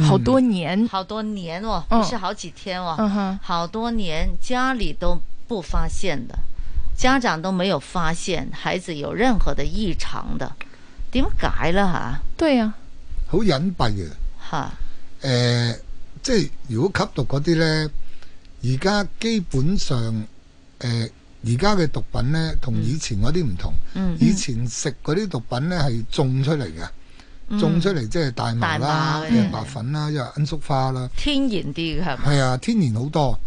好多年、嗯，好多年哦，唔係好幾天哦，哦好多年，家裏都不發現的，家長都沒有發現孩子有任何的異常的，點解呢？吓、啊？對呀，好隱蔽嘅，吓，誒，即係如果吸毒嗰啲呢，而家基本上，誒、呃，而家嘅毒品呢，同以前嗰啲唔同，嗯、以前食嗰啲毒品呢，係種出嚟嘅。種出嚟即係大麻啦，嗯、大麻白粉啦，一係罌粟花啦，天然啲嘅係咪？係啊，天然好多。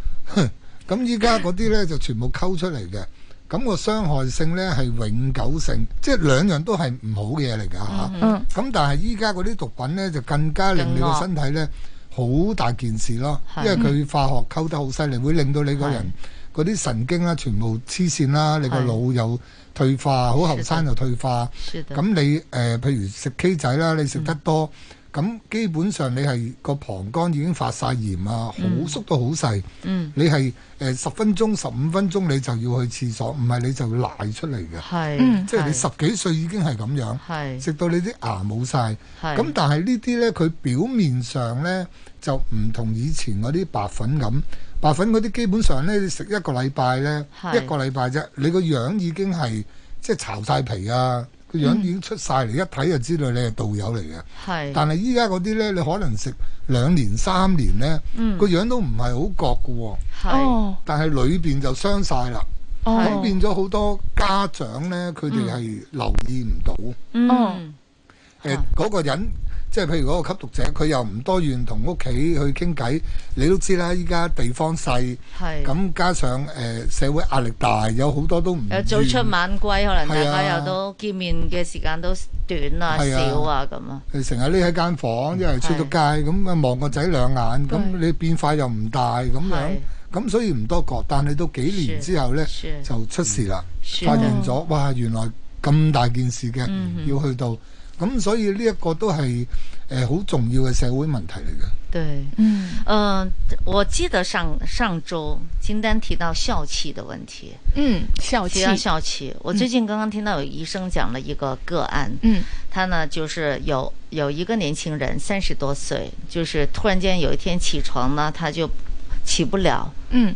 咁依家嗰啲咧就全部溝出嚟嘅，咁、個傷害性咧係永久性，即係兩樣都係唔好嘅嘢嚟噶吓。咁、嗯嗯啊、但係依家嗰啲毒品咧就更加令你嘅身體咧好惡大件事咯，因為佢化學溝得好犀利，的會令到你個人。嗰啲神經啦、啊，全部黐線啦，你個腦又退化，好後生又退化。咁你誒、呃，譬如食 K 仔啦，你食得多，咁、嗯、基本上你係個膀胱已經發晒炎啊，好縮到好細。嗯，你係呃、十分鐘、十五分鐘你就要去廁所，唔係你就要賴出嚟嘅。係的，即係你十幾歲已經係咁樣，食的到你啲牙冇晒。咁的但係呢啲咧，佢表面上咧就唔同以前嗰啲白粉咁。白粉嗰啲基本上咧，食一個禮拜咧，是一個禮拜啫。你個樣已經係即係巢晒皮啊，個、嗯、樣已經出晒嚟，一睇就知道你係道友嚟嘅。係是。但係依家嗰啲咧，你可能食兩年三年咧，個、嗯、樣都唔係好覺嘅喎、哦。是但係裏邊就傷晒啦。哦。咁變咗好多家長咧，佢哋係留意唔到、嗯。嗯。誒、呃，嗰個是人。即係譬如嗰個吸毒者，佢又唔多願同屋企去傾偈。你都知啦，依家地方細，咁加上誒社會壓力大，有好多都唔。有早出晚歸，可能大家又都見面嘅時間都短啊、少啊咁啊。成日匿喺間房，一係出到街咁啊，望個仔兩眼，咁你變化又唔大，咁樣咁所以唔多覺。但係到幾年之後呢，就出事啦，發現咗哇，原來咁大件事嘅要去到。咁所以呢一個都係誒好重要嘅社會問題嚟嘅。對，嗯，誒、呃，我記得上上周金丹提到笑氣嘅問題。嗯，笑氣，提到笑氣。我最近剛剛聽到有醫生講了一個個案。嗯，他呢就是有有一個年輕人三十多歲，就是突然間有一天起床呢，他就起不了。嗯。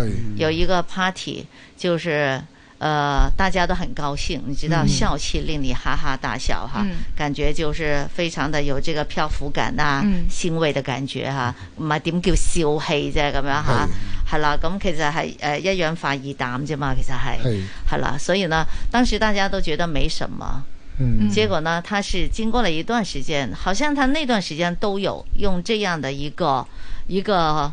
有一個 party，就是呃，大家都很高興。你知道，笑氣令你哈哈大笑、嗯、哈，感覺就是非常的有這個漂浮感啊、嗯、欣慰的感覺哈。唔係點叫笑氣啫，咁樣哈，係啦。咁其實係誒一氧化二氮啫嘛，其實係係啦。所以呢，當時大家都覺得沒什麼。嗯，結果呢，他是經過了一段時間，好像他那段時間都有用這樣的一個一個。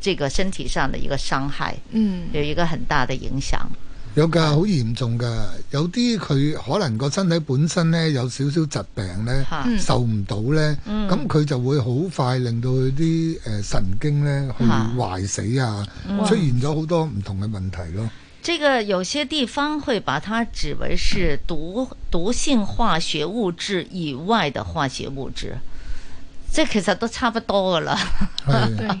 這個身體上的一個傷害，嗯、有一個很大的影響。有噶，好嚴重噶。嗯、有啲佢可能個身體本身呢，有少少疾病呢，哈受唔到呢，咁佢、嗯、就會好快令到佢啲誒神經呢，去壞死啊，哈出現咗好多唔同嘅問題咯。這個有些地方會把它指為是毒毒性化學物質以外的化學物質，即係其實都差不多啦。嗯、 對。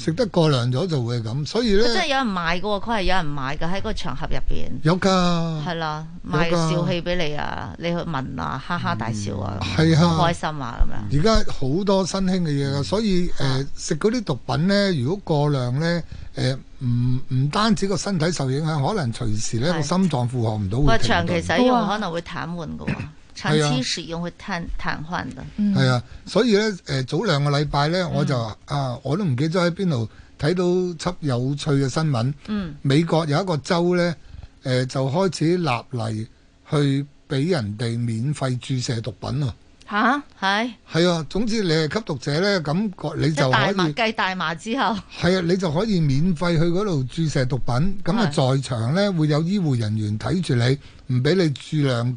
食得過量咗就會咁，所以咧，真係有人買嘅喎，佢係有人買嘅喺個場合入面，有㗎的。係啦，賣個笑氣俾你啊，的你去聞啊，哈哈大笑啊，係啊、嗯，開心啊咁樣。而家好多新興嘅嘢呀，嗯、所以食嗰啲毒品咧，如果過量咧，唔、呃、唔單止個身體受影響，可能隨時咧個的心臟負荷唔到。話長期使用可能會癱瘓嘅喎。長期使用會癱癱瘓的。係啊、嗯、啊，所以咧，誒、呃，早兩個禮拜咧，我就、嗯、啊，我都唔記得喺邊度睇到輯有趣嘅新聞。嗯，美國有一個州咧，誒、呃，就開始立例去俾人哋免費注射毒品啊。吓，係。係啊，總之你係吸毒者咧，咁你就可以大麻計大麻之後。係 啊，你就可以免費去嗰度注射毒品，咁啊，在場咧是會有醫護人員睇住你，唔俾你注量。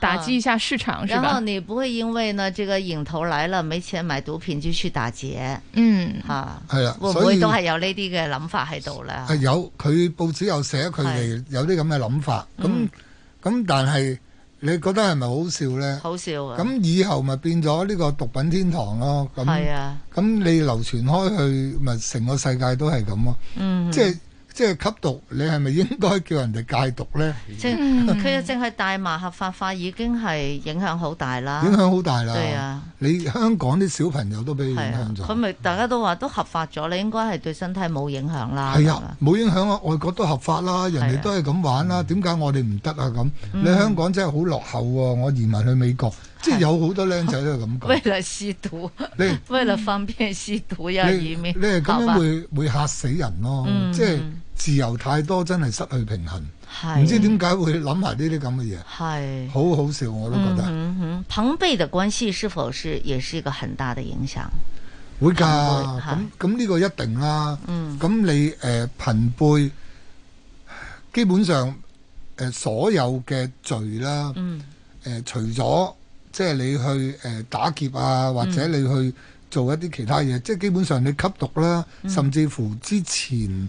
打擊一下市場上，嗯、吧然後你不會因為呢，呢個影頭來了，沒錢買毒品就去打劫。嗯，啊，係啊，會唔會，會都係有這些想呢啲嘅諗法喺度啦。係有，佢報紙又寫佢有寫佢哋有啲咁嘅諗法，咁咁是、嗯、但係你覺得係咪好笑咧？好笑啊！咁以後咪變咗呢個毒品天堂咯。係啊！咁你流傳開去，咪成個世界都係咁咯。嗯哼。即係。即係吸毒，你係咪應該叫人哋戒毒咧？即係佢又淨係大麻合法化已經係影響好大啦。影響好大啦。對啊，你香港啲小朋友都俾你影響咗。咁咪大家都話都合法咗，你應該係對身體冇影響啦。係啊，冇影響啊，外國都合法啦，人哋都係咁玩啦，點解我哋唔得啊？咁你香港真係好落後喎！我移民去美國，即係有好多僆仔都係咁講。為了吸毒，你為了方便吸毒而移民，你係咁樣會會嚇死人咯，即係。自由太多真係失去平衡，唔是知點解會諗埋呢啲咁嘅嘢，好是好笑，我都覺得。嗯哼嗯，朋輩的關係是否是也是一個很大的影響？會噶，咁呢個一定啦、啊。嗯，咁你誒朋、呃、輩基本上誒、呃、所有嘅罪啦，誒、嗯呃、除咗即係你去誒、呃、打劫啊，或者你去做一啲其他嘢，嗯、即係基本上你吸毒啦，甚至乎之前。嗯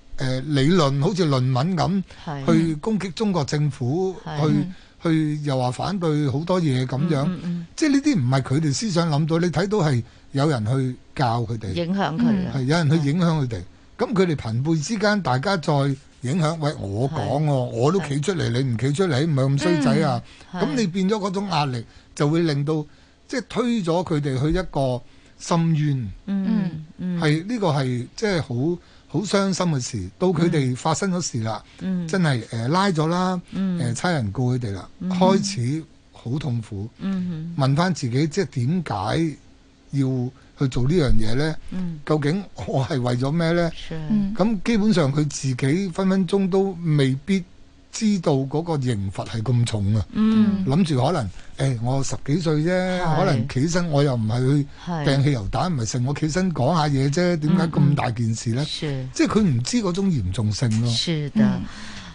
理論好似論文咁去攻擊中國政府，去去又話反對好多嘢咁樣，即係呢啲唔係佢哋思想諗到，你睇到係有人去教佢哋，影響佢，係有人去影響佢哋。咁佢哋朋輩之間，大家再影響，喂，我講喎，我都企出嚟，你唔企出嚟，唔係咁衰仔啊。咁你變咗嗰種壓力，就會令到即係推咗佢哋去一個深淵。嗯嗯，係呢個係即係好。好傷心嘅事，到佢哋發生咗事啦，mm hmm. 真係誒拉咗啦，誒差人告佢哋啦，mm hmm. 開始好痛苦，mm hmm. 問翻自己即係點解要去做這件事呢樣嘢咧？Mm hmm. 究竟我係為咗咩咧？咁、mm hmm. 基本上佢自己分分鐘都未必。知道嗰個刑罰係咁重啊！諗住、嗯、可能誒、欸，我十幾歲啫，是可能企身我又唔係去掟汽油彈唔係成，是我企身講一下嘢啫，點解咁大件事呢？嗯、是即係佢唔知嗰種嚴重性咯、啊。是的。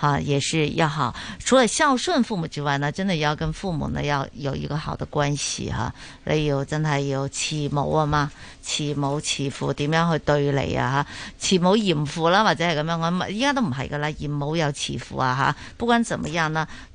哈，也是要好。除了孝順父母之外呢，呢真的要跟父母呢，要有一個好的關係哈。你要真係要慈母啊嘛，慈母慈父點樣去對你啊哈？慈母嚴父啦，或者係咁樣，我依家都唔係噶啦，嚴母有慈父啊哈。不管怎麼樣呢。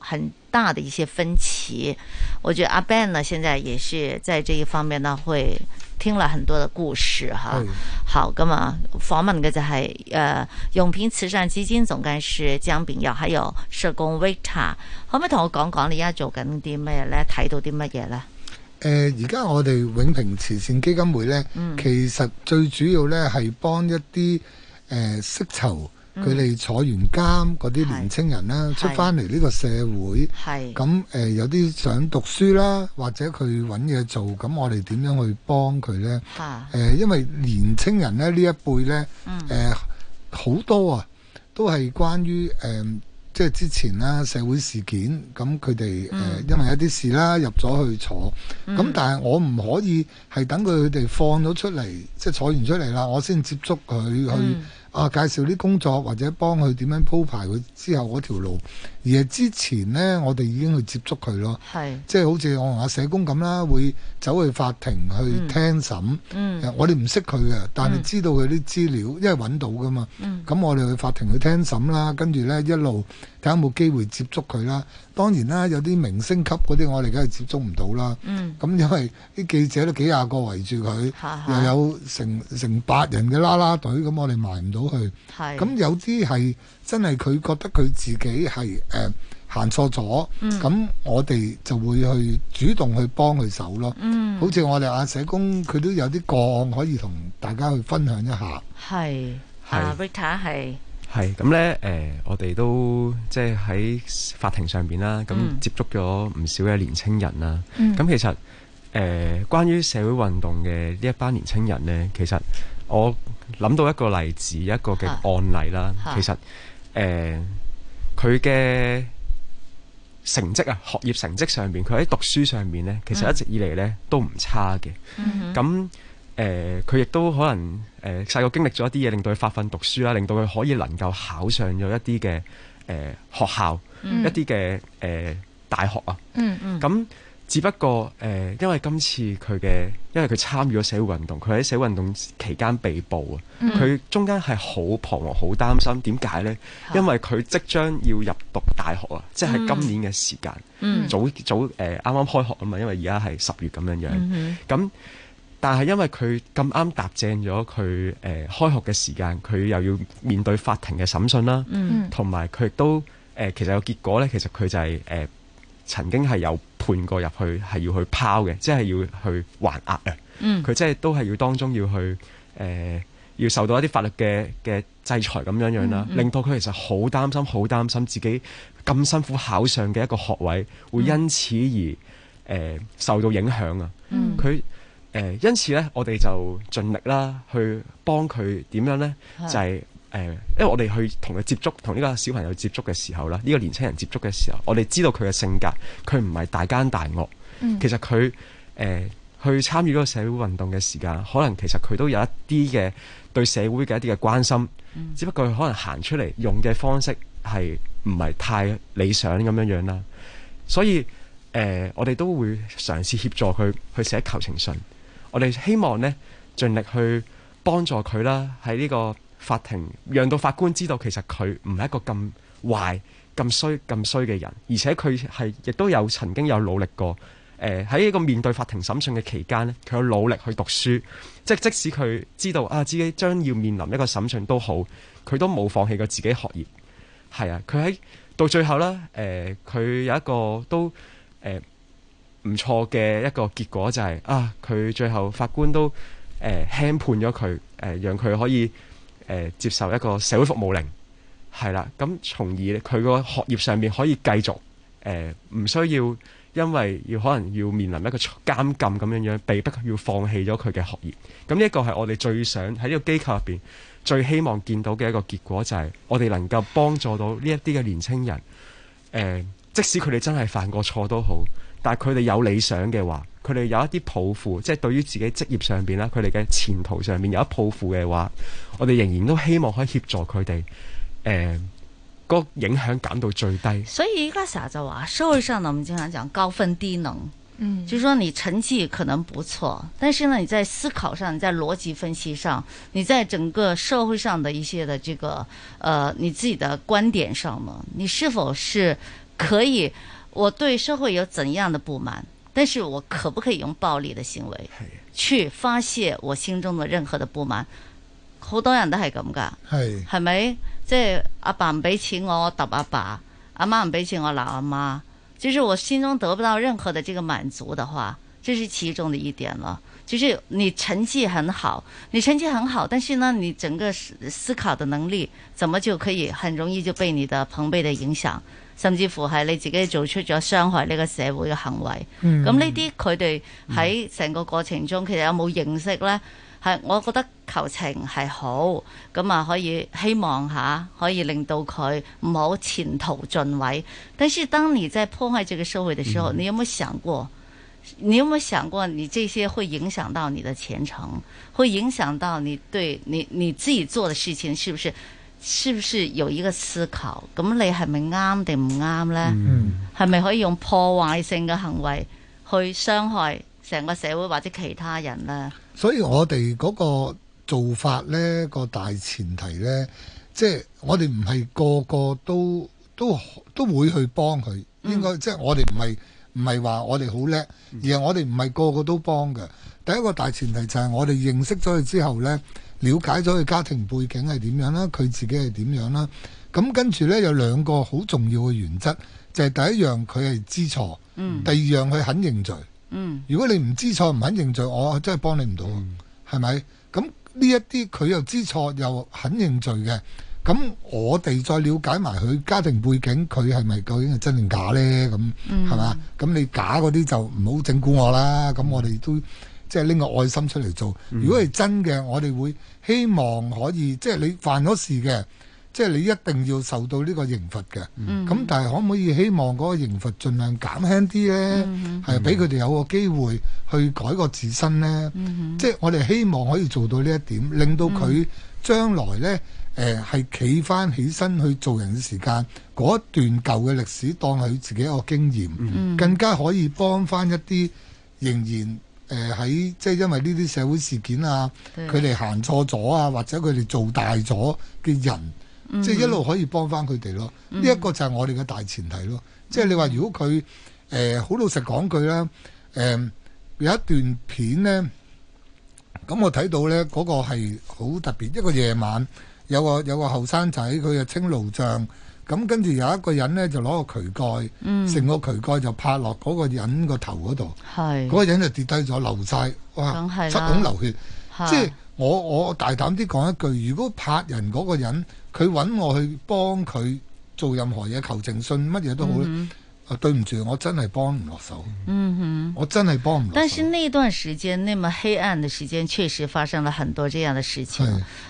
很大的一些分歧，我覺得阿 Ben 呢，現在也是在這一方面呢，會聽了很多的故事哈。是好，咁啊，訪問嘅就係誒永平慈善基金總幹事姜炳耀，還有社工 Victor 可唔可以同我講講你而家做緊啲咩咧？睇到啲乜嘢咧？誒、呃，而家我哋永平慈善基金會咧，嗯、其實最主要咧係幫一啲誒，色、呃、籌。佢哋坐完監嗰啲年青人咧，是出翻嚟呢個社會，咁誒是、呃、有啲想讀書啦，或者佢揾嘢做，咁我哋點樣去幫佢呢？誒哈、呃，因為年青人咧呢呢一輩呢，誒好、嗯呃、多啊，都係關於誒、呃，即係之前啦社會事件，咁佢哋誒因為一啲事啦入咗去坐，咁、嗯、但係我唔可以係等佢哋放咗出嚟，即係坐完出嚟啦，我先接觸佢去。嗯啊！介紹啲工作，或者幫佢點樣鋪排佢之後嗰條路。而係之前呢，我哋已經去接觸佢咯，是即係好似我同阿社工咁啦，會走去法庭去聽審。嗯嗯、我哋唔識佢嘅，但係知道佢啲資料，嗯、因為揾到噶嘛。咁、嗯、我哋去法庭去聽審啦，跟住呢一路睇下有冇機會接觸佢啦。當然啦，有啲明星級嗰啲，我哋梗係接觸唔到啦。咁、嗯、因為啲記者都幾廿個圍住佢，哈哈又有成成百人嘅啦啦隊，咁我哋埋唔到佢。咁是有啲係。真係佢覺得佢自己係誒、呃、行錯咗，咁、嗯、我哋就會去主動去幫佢手咯。嗯，好似我哋阿、啊、社工，佢都有啲個案可以同大家去分享一下。係是，係是、啊、Rita 係係咁咧。誒、呃，我哋都即係喺法庭上邊啦，咁接觸咗唔少嘅年青人啊。咁、嗯、其實誒、呃，關於社會運動嘅呢一班年青人咧，其實我諗到一個例子，一個嘅案例啦，其實。誒，佢嘅、呃、成績啊，學業成績上面，佢喺讀書上面呢，其實一直以嚟呢都唔差嘅。咁誒、mm，佢、hmm. 呃、亦都可能誒，細、呃、個經歷咗一啲嘢，令到佢發奮讀書啦，令到佢可以能夠考上咗一啲嘅誒學校，mm hmm. 一啲嘅誒大學啊。咁、mm。Hmm. 只不過誒、呃，因為今次佢嘅，因為佢參與咗社會運動，佢喺社會運動期間被捕啊！佢、mm hmm. 中間係好彷徨、好擔心。點解呢？因為佢即將要入讀大學啊！Mm hmm. 即係今年嘅時間，mm hmm. 早早誒啱啱開學啊嘛！因為而家係十月咁樣樣。咁、mm hmm. 但係因為佢咁啱搭正咗佢誒開學嘅時間，佢又要面對法庭嘅審訊啦。同埋佢亦都誒、呃，其實有結果呢，其實佢就係、是、誒。呃曾經係有判過入去，係要去拋嘅，即係要去還押啊。佢、嗯、即係都係要當中要去誒、呃，要受到一啲法律嘅嘅制裁咁樣樣啦，嗯嗯、令到佢其實好擔心，好擔心自己咁辛苦考上嘅一個學位會因此而誒、嗯呃、受到影響啊。佢誒、嗯呃、因此咧，我哋就盡力啦，去幫佢點樣咧，係嘅就係、係。誒，因為我哋去同佢接觸，同呢個小朋友接觸嘅時候啦，呢個年青人接觸嘅時候，我哋知道佢嘅性格，佢唔係大奸大惡。嗯、其實佢誒去參與呢個社會運動嘅時間，可能其實佢都有一啲嘅對社會嘅一啲嘅關心，嗯、只不過佢可能行出嚟用嘅方式係唔係太理想咁樣樣啦。所以誒、呃，我哋都會嘗試協助佢去寫求情信，我哋希望呢盡力去幫助佢啦，喺呢個。法庭讓到法官知道，其實佢唔係一個咁壞、咁衰、咁衰嘅人，而且佢係亦都有曾經有努力過。誒、呃、喺一個面對法庭審訊嘅期間，咧，佢有努力去讀書即，即即使佢知道啊自己將要面臨一個審訊都好，佢都冇放棄過自己學業。係啊。佢喺到最後啦，誒、呃、佢有一個都誒唔、呃、錯嘅一個結果，就是，就係啊佢最後法官都誒、呃、輕判咗佢，誒、呃、讓佢可以。呃、接受一個社會服務令，係啦，咁從而佢個學業上面可以繼續、呃、唔需要因為要可能要面臨一個監禁咁樣樣，被迫要放棄咗佢嘅學業。咁呢一個係我哋最想喺呢個機構入邊最希望見到嘅一個結果，就係我哋能夠幫助到呢一啲嘅年輕人。呃、即使佢哋真係犯過錯都好，但係佢哋有理想嘅話，佢哋有一啲抱負，即、就、係、是、對於自己職業上邊啦，佢哋嘅前途上面有一抱負嘅話，我哋仍然都希望可以協助佢哋，誒、嗯，那個影響減到最低。所以依家成日就話，社會上呢，我們經常講高分低能，嗯，就是說你成績可能不錯，但是呢，你在思考上、你在邏輯分析上、你在整個社會上的一些的這個，呃，你自己的觀點上呢，你是否是可以，我對社會有怎樣的不滿？但是我可不可以用暴力的行為去發洩我心中的任何的不滿？好多人都係咁噶，係咪？即 係阿爸唔俾錢我，我揼阿爸；阿媽唔俾錢我，鬧阿媽。就是我心中得不到任何的這個滿足的話，這是其中的一點了。就是你成績很好，你成績很好，但是呢，你整個思思考的能力怎麼就可以很容易就被你的朋輩的影響？甚至乎係你自己做出咗傷害呢個社會嘅行為，咁呢啲佢哋喺成個過程中，嗯、其實有冇認識呢？係我覺得求情係好，咁啊可以希望吓，可以令到佢唔好前途盡毀。但是當你在破壞這個社會的時候，嗯、你有冇想過？你有冇想過？你這些會影響到你的前程，會影響到你對你你自己做的事情，是不是？是不是有呢個思考？咁你係咪啱定唔啱呢？係咪、mm hmm. 可以用破壞性嘅行為去傷害成個社會或者其他人呢？所以我哋嗰個做法呢，個大前提呢，即係我哋唔係個個都都都會去幫佢。應該、mm hmm. 即係我哋唔係唔係話我哋好叻，而係我哋唔係個個都幫嘅。第一個大前提就係我哋認識咗佢之後呢。了解咗佢家庭背景係點樣啦，佢自己係點樣啦，咁跟住呢，有兩個好重要嘅原則，就係、是、第一樣佢係知錯，嗯、第二樣佢肯認罪。嗯、如果你唔知錯唔肯認罪，我真係幫你唔到，係咪、嗯？咁呢一啲佢又知錯又肯認罪嘅，咁我哋再了解埋佢家庭背景，佢係咪究竟係真定假呢？咁係嘛？咁、嗯、你假嗰啲就唔好整蠱我啦。咁我哋都。嗯即係拎個愛心出嚟做，如果係真嘅，我哋會希望可以，即係你犯咗事嘅，即係你一定要受到呢個刑罰嘅。咁、嗯、但係可唔可以希望嗰個刑罰盡量減輕啲呢？係俾佢哋有個機會去改個自身呢？嗯嗯、即係我哋希望可以做到呢一點，令到佢將來呢誒係企翻起身去做人嘅時間，嗰段舊嘅歷史當係佢自己一個經驗，嗯、更加可以幫翻一啲仍然。誒喺、呃、即係因為呢啲社會事件啊，佢哋行錯咗啊，或者佢哋做大咗嘅人，嗯、即係一路可以幫翻佢哋咯。呢一、嗯、個就係我哋嘅大前提咯。嗯、即係你話如果佢誒好老實講句啦，誒、呃、有一段片咧，咁我睇到咧嗰、嗰個係好特別，一個夜晚有個有個後生仔，佢就青露仗。咁跟住有一個人呢，就攞個渠蓋，成、嗯、個渠蓋就拍落嗰個人個頭嗰度，嗰是個人就跌低咗，流晒，哇，嗯、七孔流血。即係我我大膽啲講一句，如果拍人嗰個人，佢揾我去幫佢做任何嘢求情信，乜嘢都好。嗯啊，對唔住，我真係幫唔落手。嗯哼，我真係幫唔到。但是呢段時間，那麼黑暗嘅時間，確實發生了很多這樣嘅事情。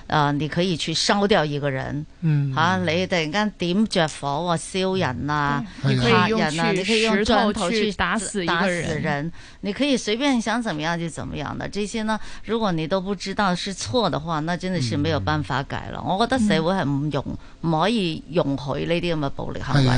啊，你可以去燒掉一個人。嗯，嚇你突然間點着火啊，燒人啊，嚇人啊，你可以用磚頭去打死打死人，你可以隨便想怎麼樣就怎麼樣的。這些呢，如果你都不知道是錯的話，那真的是沒有辦法改了。我覺得社會係唔容唔可以容許呢啲咁嘅暴力行為。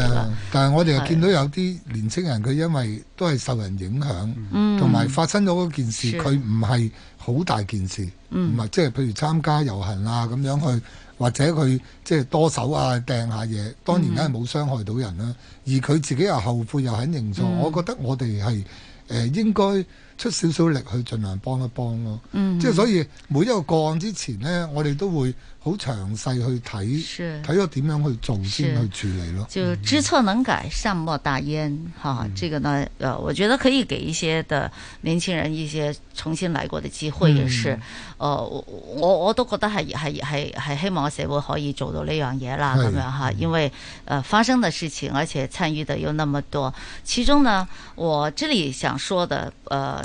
但係我哋見到有。啲年青人佢因為都係受人影響，同埋、嗯、發生咗件事，佢唔係好大件事，唔係即係譬如參加遊行啊咁樣去，或者佢即係多手啊掟下嘢，當，當然梗係冇傷害到人啦、啊。嗯、而佢自己又後悔又肯認錯，嗯、我覺得我哋係誒應該。出少少力去，儘量幫一幫咯。嗯，即係所以每一個個案之前呢，我哋都會好詳細去睇，睇咗點樣去做先去處理咯。就知錯能改，善莫大焉。哈，嗯、這個呢？誒、呃，我覺得可以給一些的年輕人一些重新嚟過的機會。是，誒、嗯呃，我我都覺得係係係係希望社會可以做到呢樣嘢啦。咁樣嚇，因為誒、呃、發生的事情，而且參與的又那麼多，其中呢，我這裡想說的，誒、呃。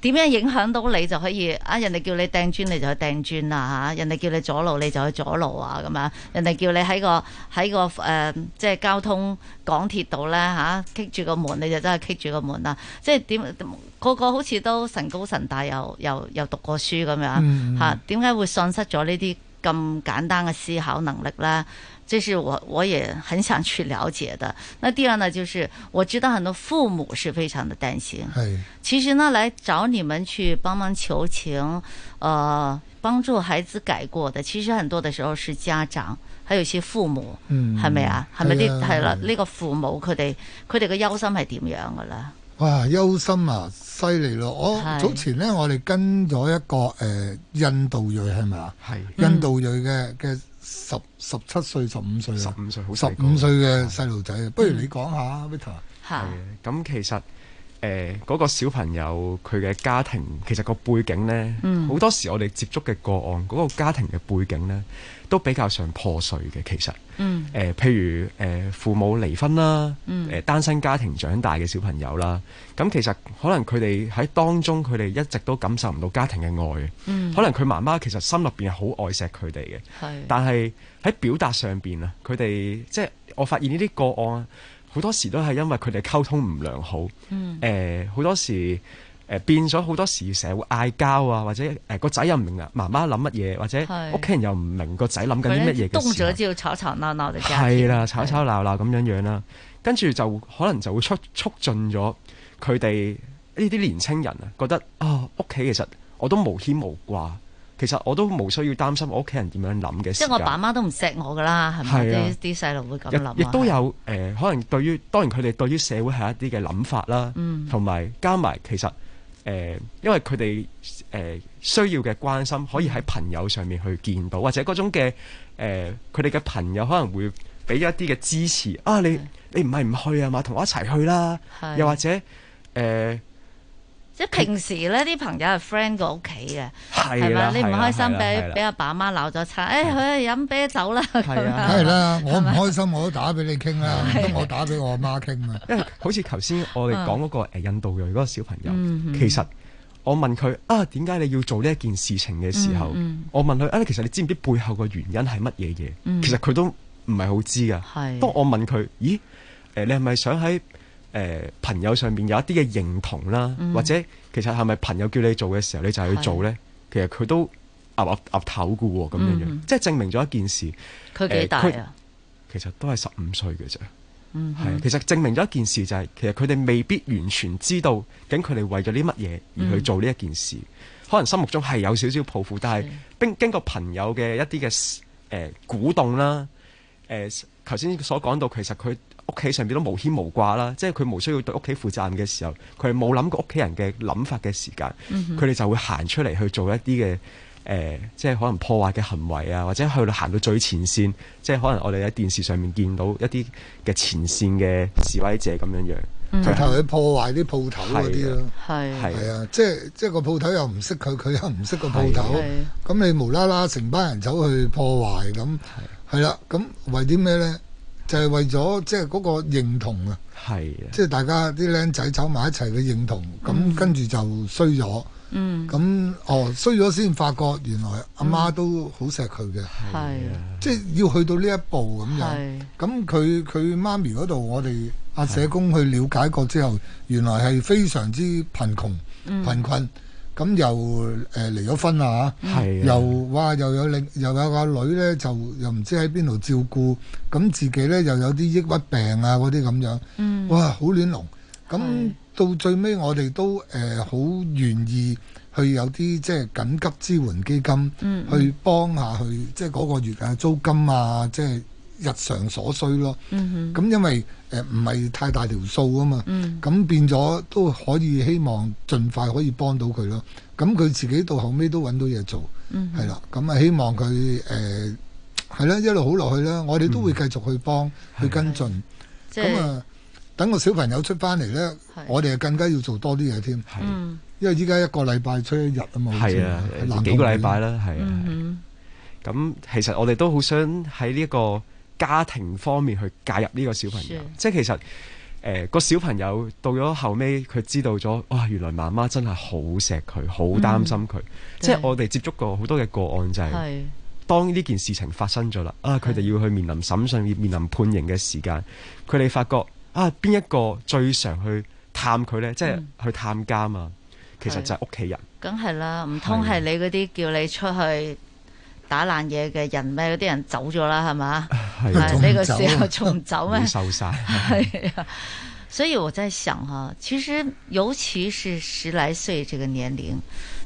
點樣影響到你就可以啊？人哋叫你掟磚你就去掟磚啦嚇！人哋叫你阻路你就去阻路啊咁樣。人哋叫你喺個喺個誒、呃、即係交通港鐵度咧嚇，闢、啊、住個門你就真係闢住個門啦、啊。即係點個個好似都神高神大又又又讀過書咁樣嚇？點、啊、解、嗯嗯啊、會喪失咗呢啲咁簡單嘅思考能力咧？這是我我也很想去了解的。那第二呢，就是我知道很多父母是非常的擔心。係，其實呢，來找你們去幫忙求情，呃，幫助孩子改過的，其實很多的時候是家長，還有一些父母。嗯。係咪啊？係咪呢？係啦，呢個父母佢哋佢哋嘅憂心係點樣噶啦？哇，憂心啊，犀利咯！我早前呢，我哋跟咗一個誒印度裔係咪啊？係印度裔嘅嘅。十十七歲，十五歲，十五歲，好，十五歲嘅細路仔，不如你講下，Peter。係，咁其實。誒，嗰、呃那個小朋友佢嘅家庭，其實個背景呢，好、嗯、多時我哋接觸嘅個案，嗰、那個家庭嘅背景呢，都比較上破碎嘅。其實，誒、嗯呃，譬如誒、呃、父母離婚啦，誒、嗯呃、單身家庭長大嘅小朋友啦，咁其實可能佢哋喺當中，佢哋一直都感受唔到家庭嘅愛。嗯、可能佢媽媽其實心入邊好愛錫佢哋嘅，是但係喺表達上邊啊，佢哋即係我發現呢啲個案。好多時都係因為佢哋溝通唔良好，誒好、嗯呃、多時誒、呃、變咗好多時成日會嗌交啊，或者誒個仔又唔明啊，媽媽諗乜嘢，或者屋企人又唔明個仔諗緊啲乜嘢嘅動咗就吵吵鬧鬧嘅，係啦，吵吵鬧鬧咁樣樣啦，的跟住就可能就會促促進咗佢哋呢啲年青人啊，覺得啊屋企其實我都無牽無掛。其實我都無需要擔心我屋企人點樣諗嘅，即係我爸媽都唔錫我噶啦，係咪啲啲細路會咁諗？啊。亦都有誒、呃，可能對於當然佢哋對於社會係一啲嘅諗法啦，同埋、嗯、加埋其實誒、呃，因為佢哋誒需要嘅關心可以喺朋友上面去見到，或者嗰種嘅誒，佢哋嘅朋友可能會俾咗一啲嘅支持是的 啊，你你唔係唔去啊嘛，同我一齊去啦，是的 又或者誒。呃即係平時咧，啲朋友係 friend 個屋企嘅，係嘛？你唔開心俾俾阿爸媽鬧咗餐，誒，去飲啤酒啦，係啦，我唔開心我都打俾你傾啦，我打俾我阿媽傾啊。因為好似頭先我哋講嗰個誒印度裔嗰個小朋友，其實我問佢啊，點解你要做呢一件事情嘅時候，我問佢啊，其實你知唔知背後個原因係乜嘢嘢？其實佢都唔係好知噶。當我問佢，咦，誒，你係咪想喺？誒、呃、朋友上面有一啲嘅認同啦，嗯、或者其實係咪朋友叫你做嘅時候，你就去做呢？是其實佢都岌岌岌頭嘅喎、喔，咁樣樣，嗯、即係證明咗一件事。佢幾大啊、呃他？其實都係十五歲嘅啫。嗯哼，其實證明咗一件事就係、是，其實佢哋未必完全知道，究竟佢哋為咗啲乜嘢而去做呢一件事。嗯、可能心目中係有少少抱負，但係經是經過朋友嘅一啲嘅誒鼓動啦，誒頭先所講到，其實佢。屋企上邊都無牽無掛啦，即係佢無需要對屋企負責任嘅時候，佢冇諗過屋企人嘅諗法嘅時間，佢哋就會行出嚟去做一啲嘅誒，即係可能破壞嘅行為啊，或者去到行到最前線，即係可能我哋喺電視上面見到一啲嘅前線嘅示威者咁樣樣，直頭去破壞啲鋪頭嗰啲咯，係係啊，即係即係個鋪頭又唔識佢，佢又唔識個鋪頭，咁你無啦啦成班人走去破壞咁，係係啦，咁為啲咩呢？就係為咗即係嗰個認同啊，即係大家啲僆仔走埋一齊嘅認同，咁跟住就衰咗。嗯，咁、嗯、哦衰咗先發覺原來阿媽都好錫佢嘅，係、嗯、啊，即係要去到呢一步咁樣。咁佢佢媽咪嗰度，我哋阿、啊、社工去了解過之後，係啊、原來係非常之貧窮、嗯、貧困。咁又誒、呃、離咗婚啦的又哇又有另又有個女咧，就又唔知喺邊度照顧，咁自己咧又有啲抑鬱病啊嗰啲咁樣，嗯、哇好亂龍！咁到最尾我哋都誒好、呃、願意去有啲即係緊急支援基金，去幫下去、嗯、即係嗰個月啊租金啊，即係日常所需咯。咁、嗯、哼因為誒唔係太大條數啊嘛，咁變咗都可以希望盡快可以幫到佢咯。咁佢自己到後尾都揾到嘢做，係啦。咁啊，希望佢誒係啦，一路好落去啦。我哋都會繼續去幫去跟進。咁啊，等個小朋友出翻嚟呢，我哋更加要做多啲嘢添。因為依家一個禮拜出一日啊嘛，幾個禮拜啦，係啊。咁其實我哋都好想喺呢一個。家庭方面去介入呢個小朋友，的即係其實誒個、呃、小朋友到咗後尾，佢知道咗，哇，原來媽媽真係好錫佢，好擔心佢。嗯、即係我哋接觸過好多嘅個案是的就係，當呢件事情發生咗啦的、啊，啊，佢哋要去面臨審訊，要面臨判刑嘅時間，佢哋發覺啊，邊一個最常去探佢咧？嗯、即係去探監啊，其實就係屋企人。梗係啦，唔通係你嗰啲叫你出去？打爛嘢嘅人咩？嗰啲人走咗啦，係嘛？呢個時候仲唔走咩？受晒係啊！所以我在想，成其實尤其是十來歲這個年齡。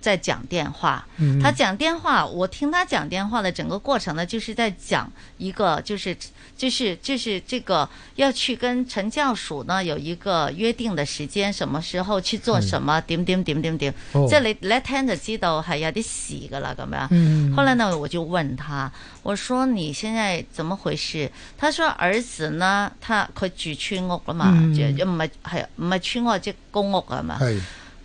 在講電話，嗯嗯他講電話，我聽他講電話的整個過程呢，就是在講一個就是就是就是這個要去跟懲教署呢有一個約定的時間，什麼時候去做什麼，點、嗯、點點點點。哦、這裡 Let him know 還要得洗個啦，咁樣。嗯嗯後來呢，我就問他，我說你現在怎麼回事？他說兒子呢，他去住村屋噶嘛，唔係係唔係村屋，即公屋係嘛？嗯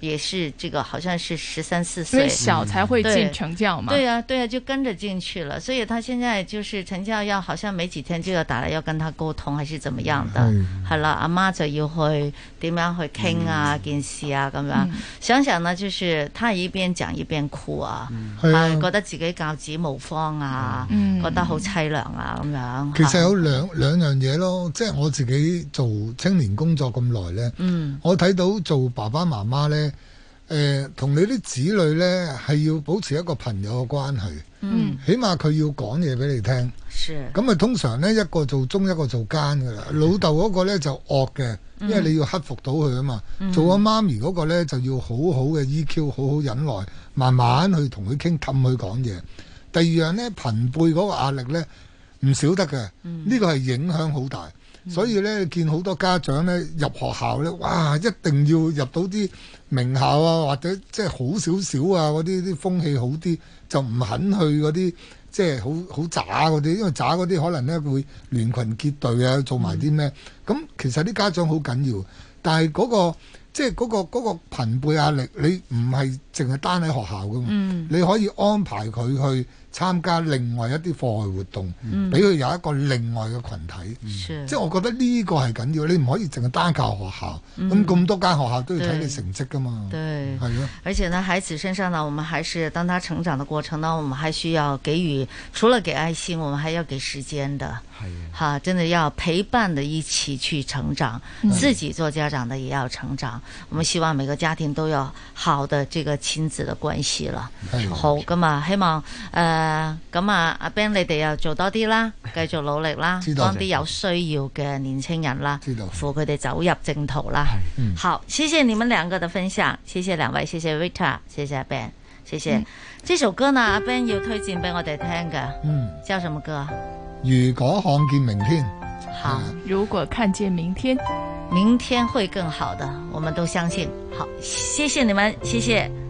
也是，這個好像是十三四歲，小才會進成教嘛。對啊對啊，就跟着進去了。所以他現在就是成教要，好像沒幾天就要打嚟，要跟他溝通還是怎麼樣的。係啦，阿媽就要去點樣去傾啊，件事啊咁樣。想想呢，就是他一邊講一邊哭啊，啊，覺得自己教子無方啊，覺得好淒涼啊咁樣。其實有兩兩樣嘢咯，即係我自己做青年工作咁耐咧，我睇到做爸爸媽媽咧。誒，同、呃、你啲子女呢，係要保持一個朋友嘅關係，嗯，起碼佢要講嘢俾你聽，咁啊是通常呢，一個做中一個做奸噶啦，是老豆嗰個呢，就惡嘅，因為你要克服到佢啊嘛，嗯、做阿媽咪嗰個呢，就要好好嘅 EQ，好好忍耐，慢慢去同佢傾，氹佢講嘢。第二樣呢，朋輩嗰個壓力呢，唔少得嘅，呢、嗯、個係影響好大。所以咧，見好多家長咧入學校咧，哇！一定要入到啲名校啊，或者即係好少少啊，嗰啲啲風氣好啲，就唔肯去嗰啲即係好好渣嗰啲，因為渣嗰啲可能咧會聯群結隊啊，做埋啲咩？咁、嗯、其實啲家長好緊要，但係嗰、那個即係嗰個嗰、那個朋輩壓力，你唔係淨係單喺學校㗎嘛，嗯、你可以安排佢去。參加另外一啲課外活動，俾佢有一個另外嘅群體，即我覺得呢個係緊要，你唔可以淨係單靠學校，咁咁多間學校都要睇你成績㗎嘛。對，係咯。而且呢，孩子身上呢，我們還是當他成長的過程呢，我們還需要給予，除了給愛心，我們還要給時間的，係啊，哈，真的要陪伴的一起去成長，自己做家長的也要成長。我們希望每個家庭都有好的這個親子的關係啦，好咁啊，希望，呃。誒，咁、嗯、啊，阿 Ben，你哋又做多啲啦，繼續努力啦，幫啲道有需要嘅年輕人啦，知道扶佢哋走入正途啦。嗯、好，謝謝你們兩個的分享，謝謝兩位，謝謝 Rita，謝謝阿 Ben，謝謝。嗯、這首歌呢，阿 Ben 要推薦俾我哋聽㗎，嗯，叫什麼歌？如果看見明天，好，嗯、如果看見明天，明天會更好的，我們都相信。好，謝謝你們，嗯、謝謝。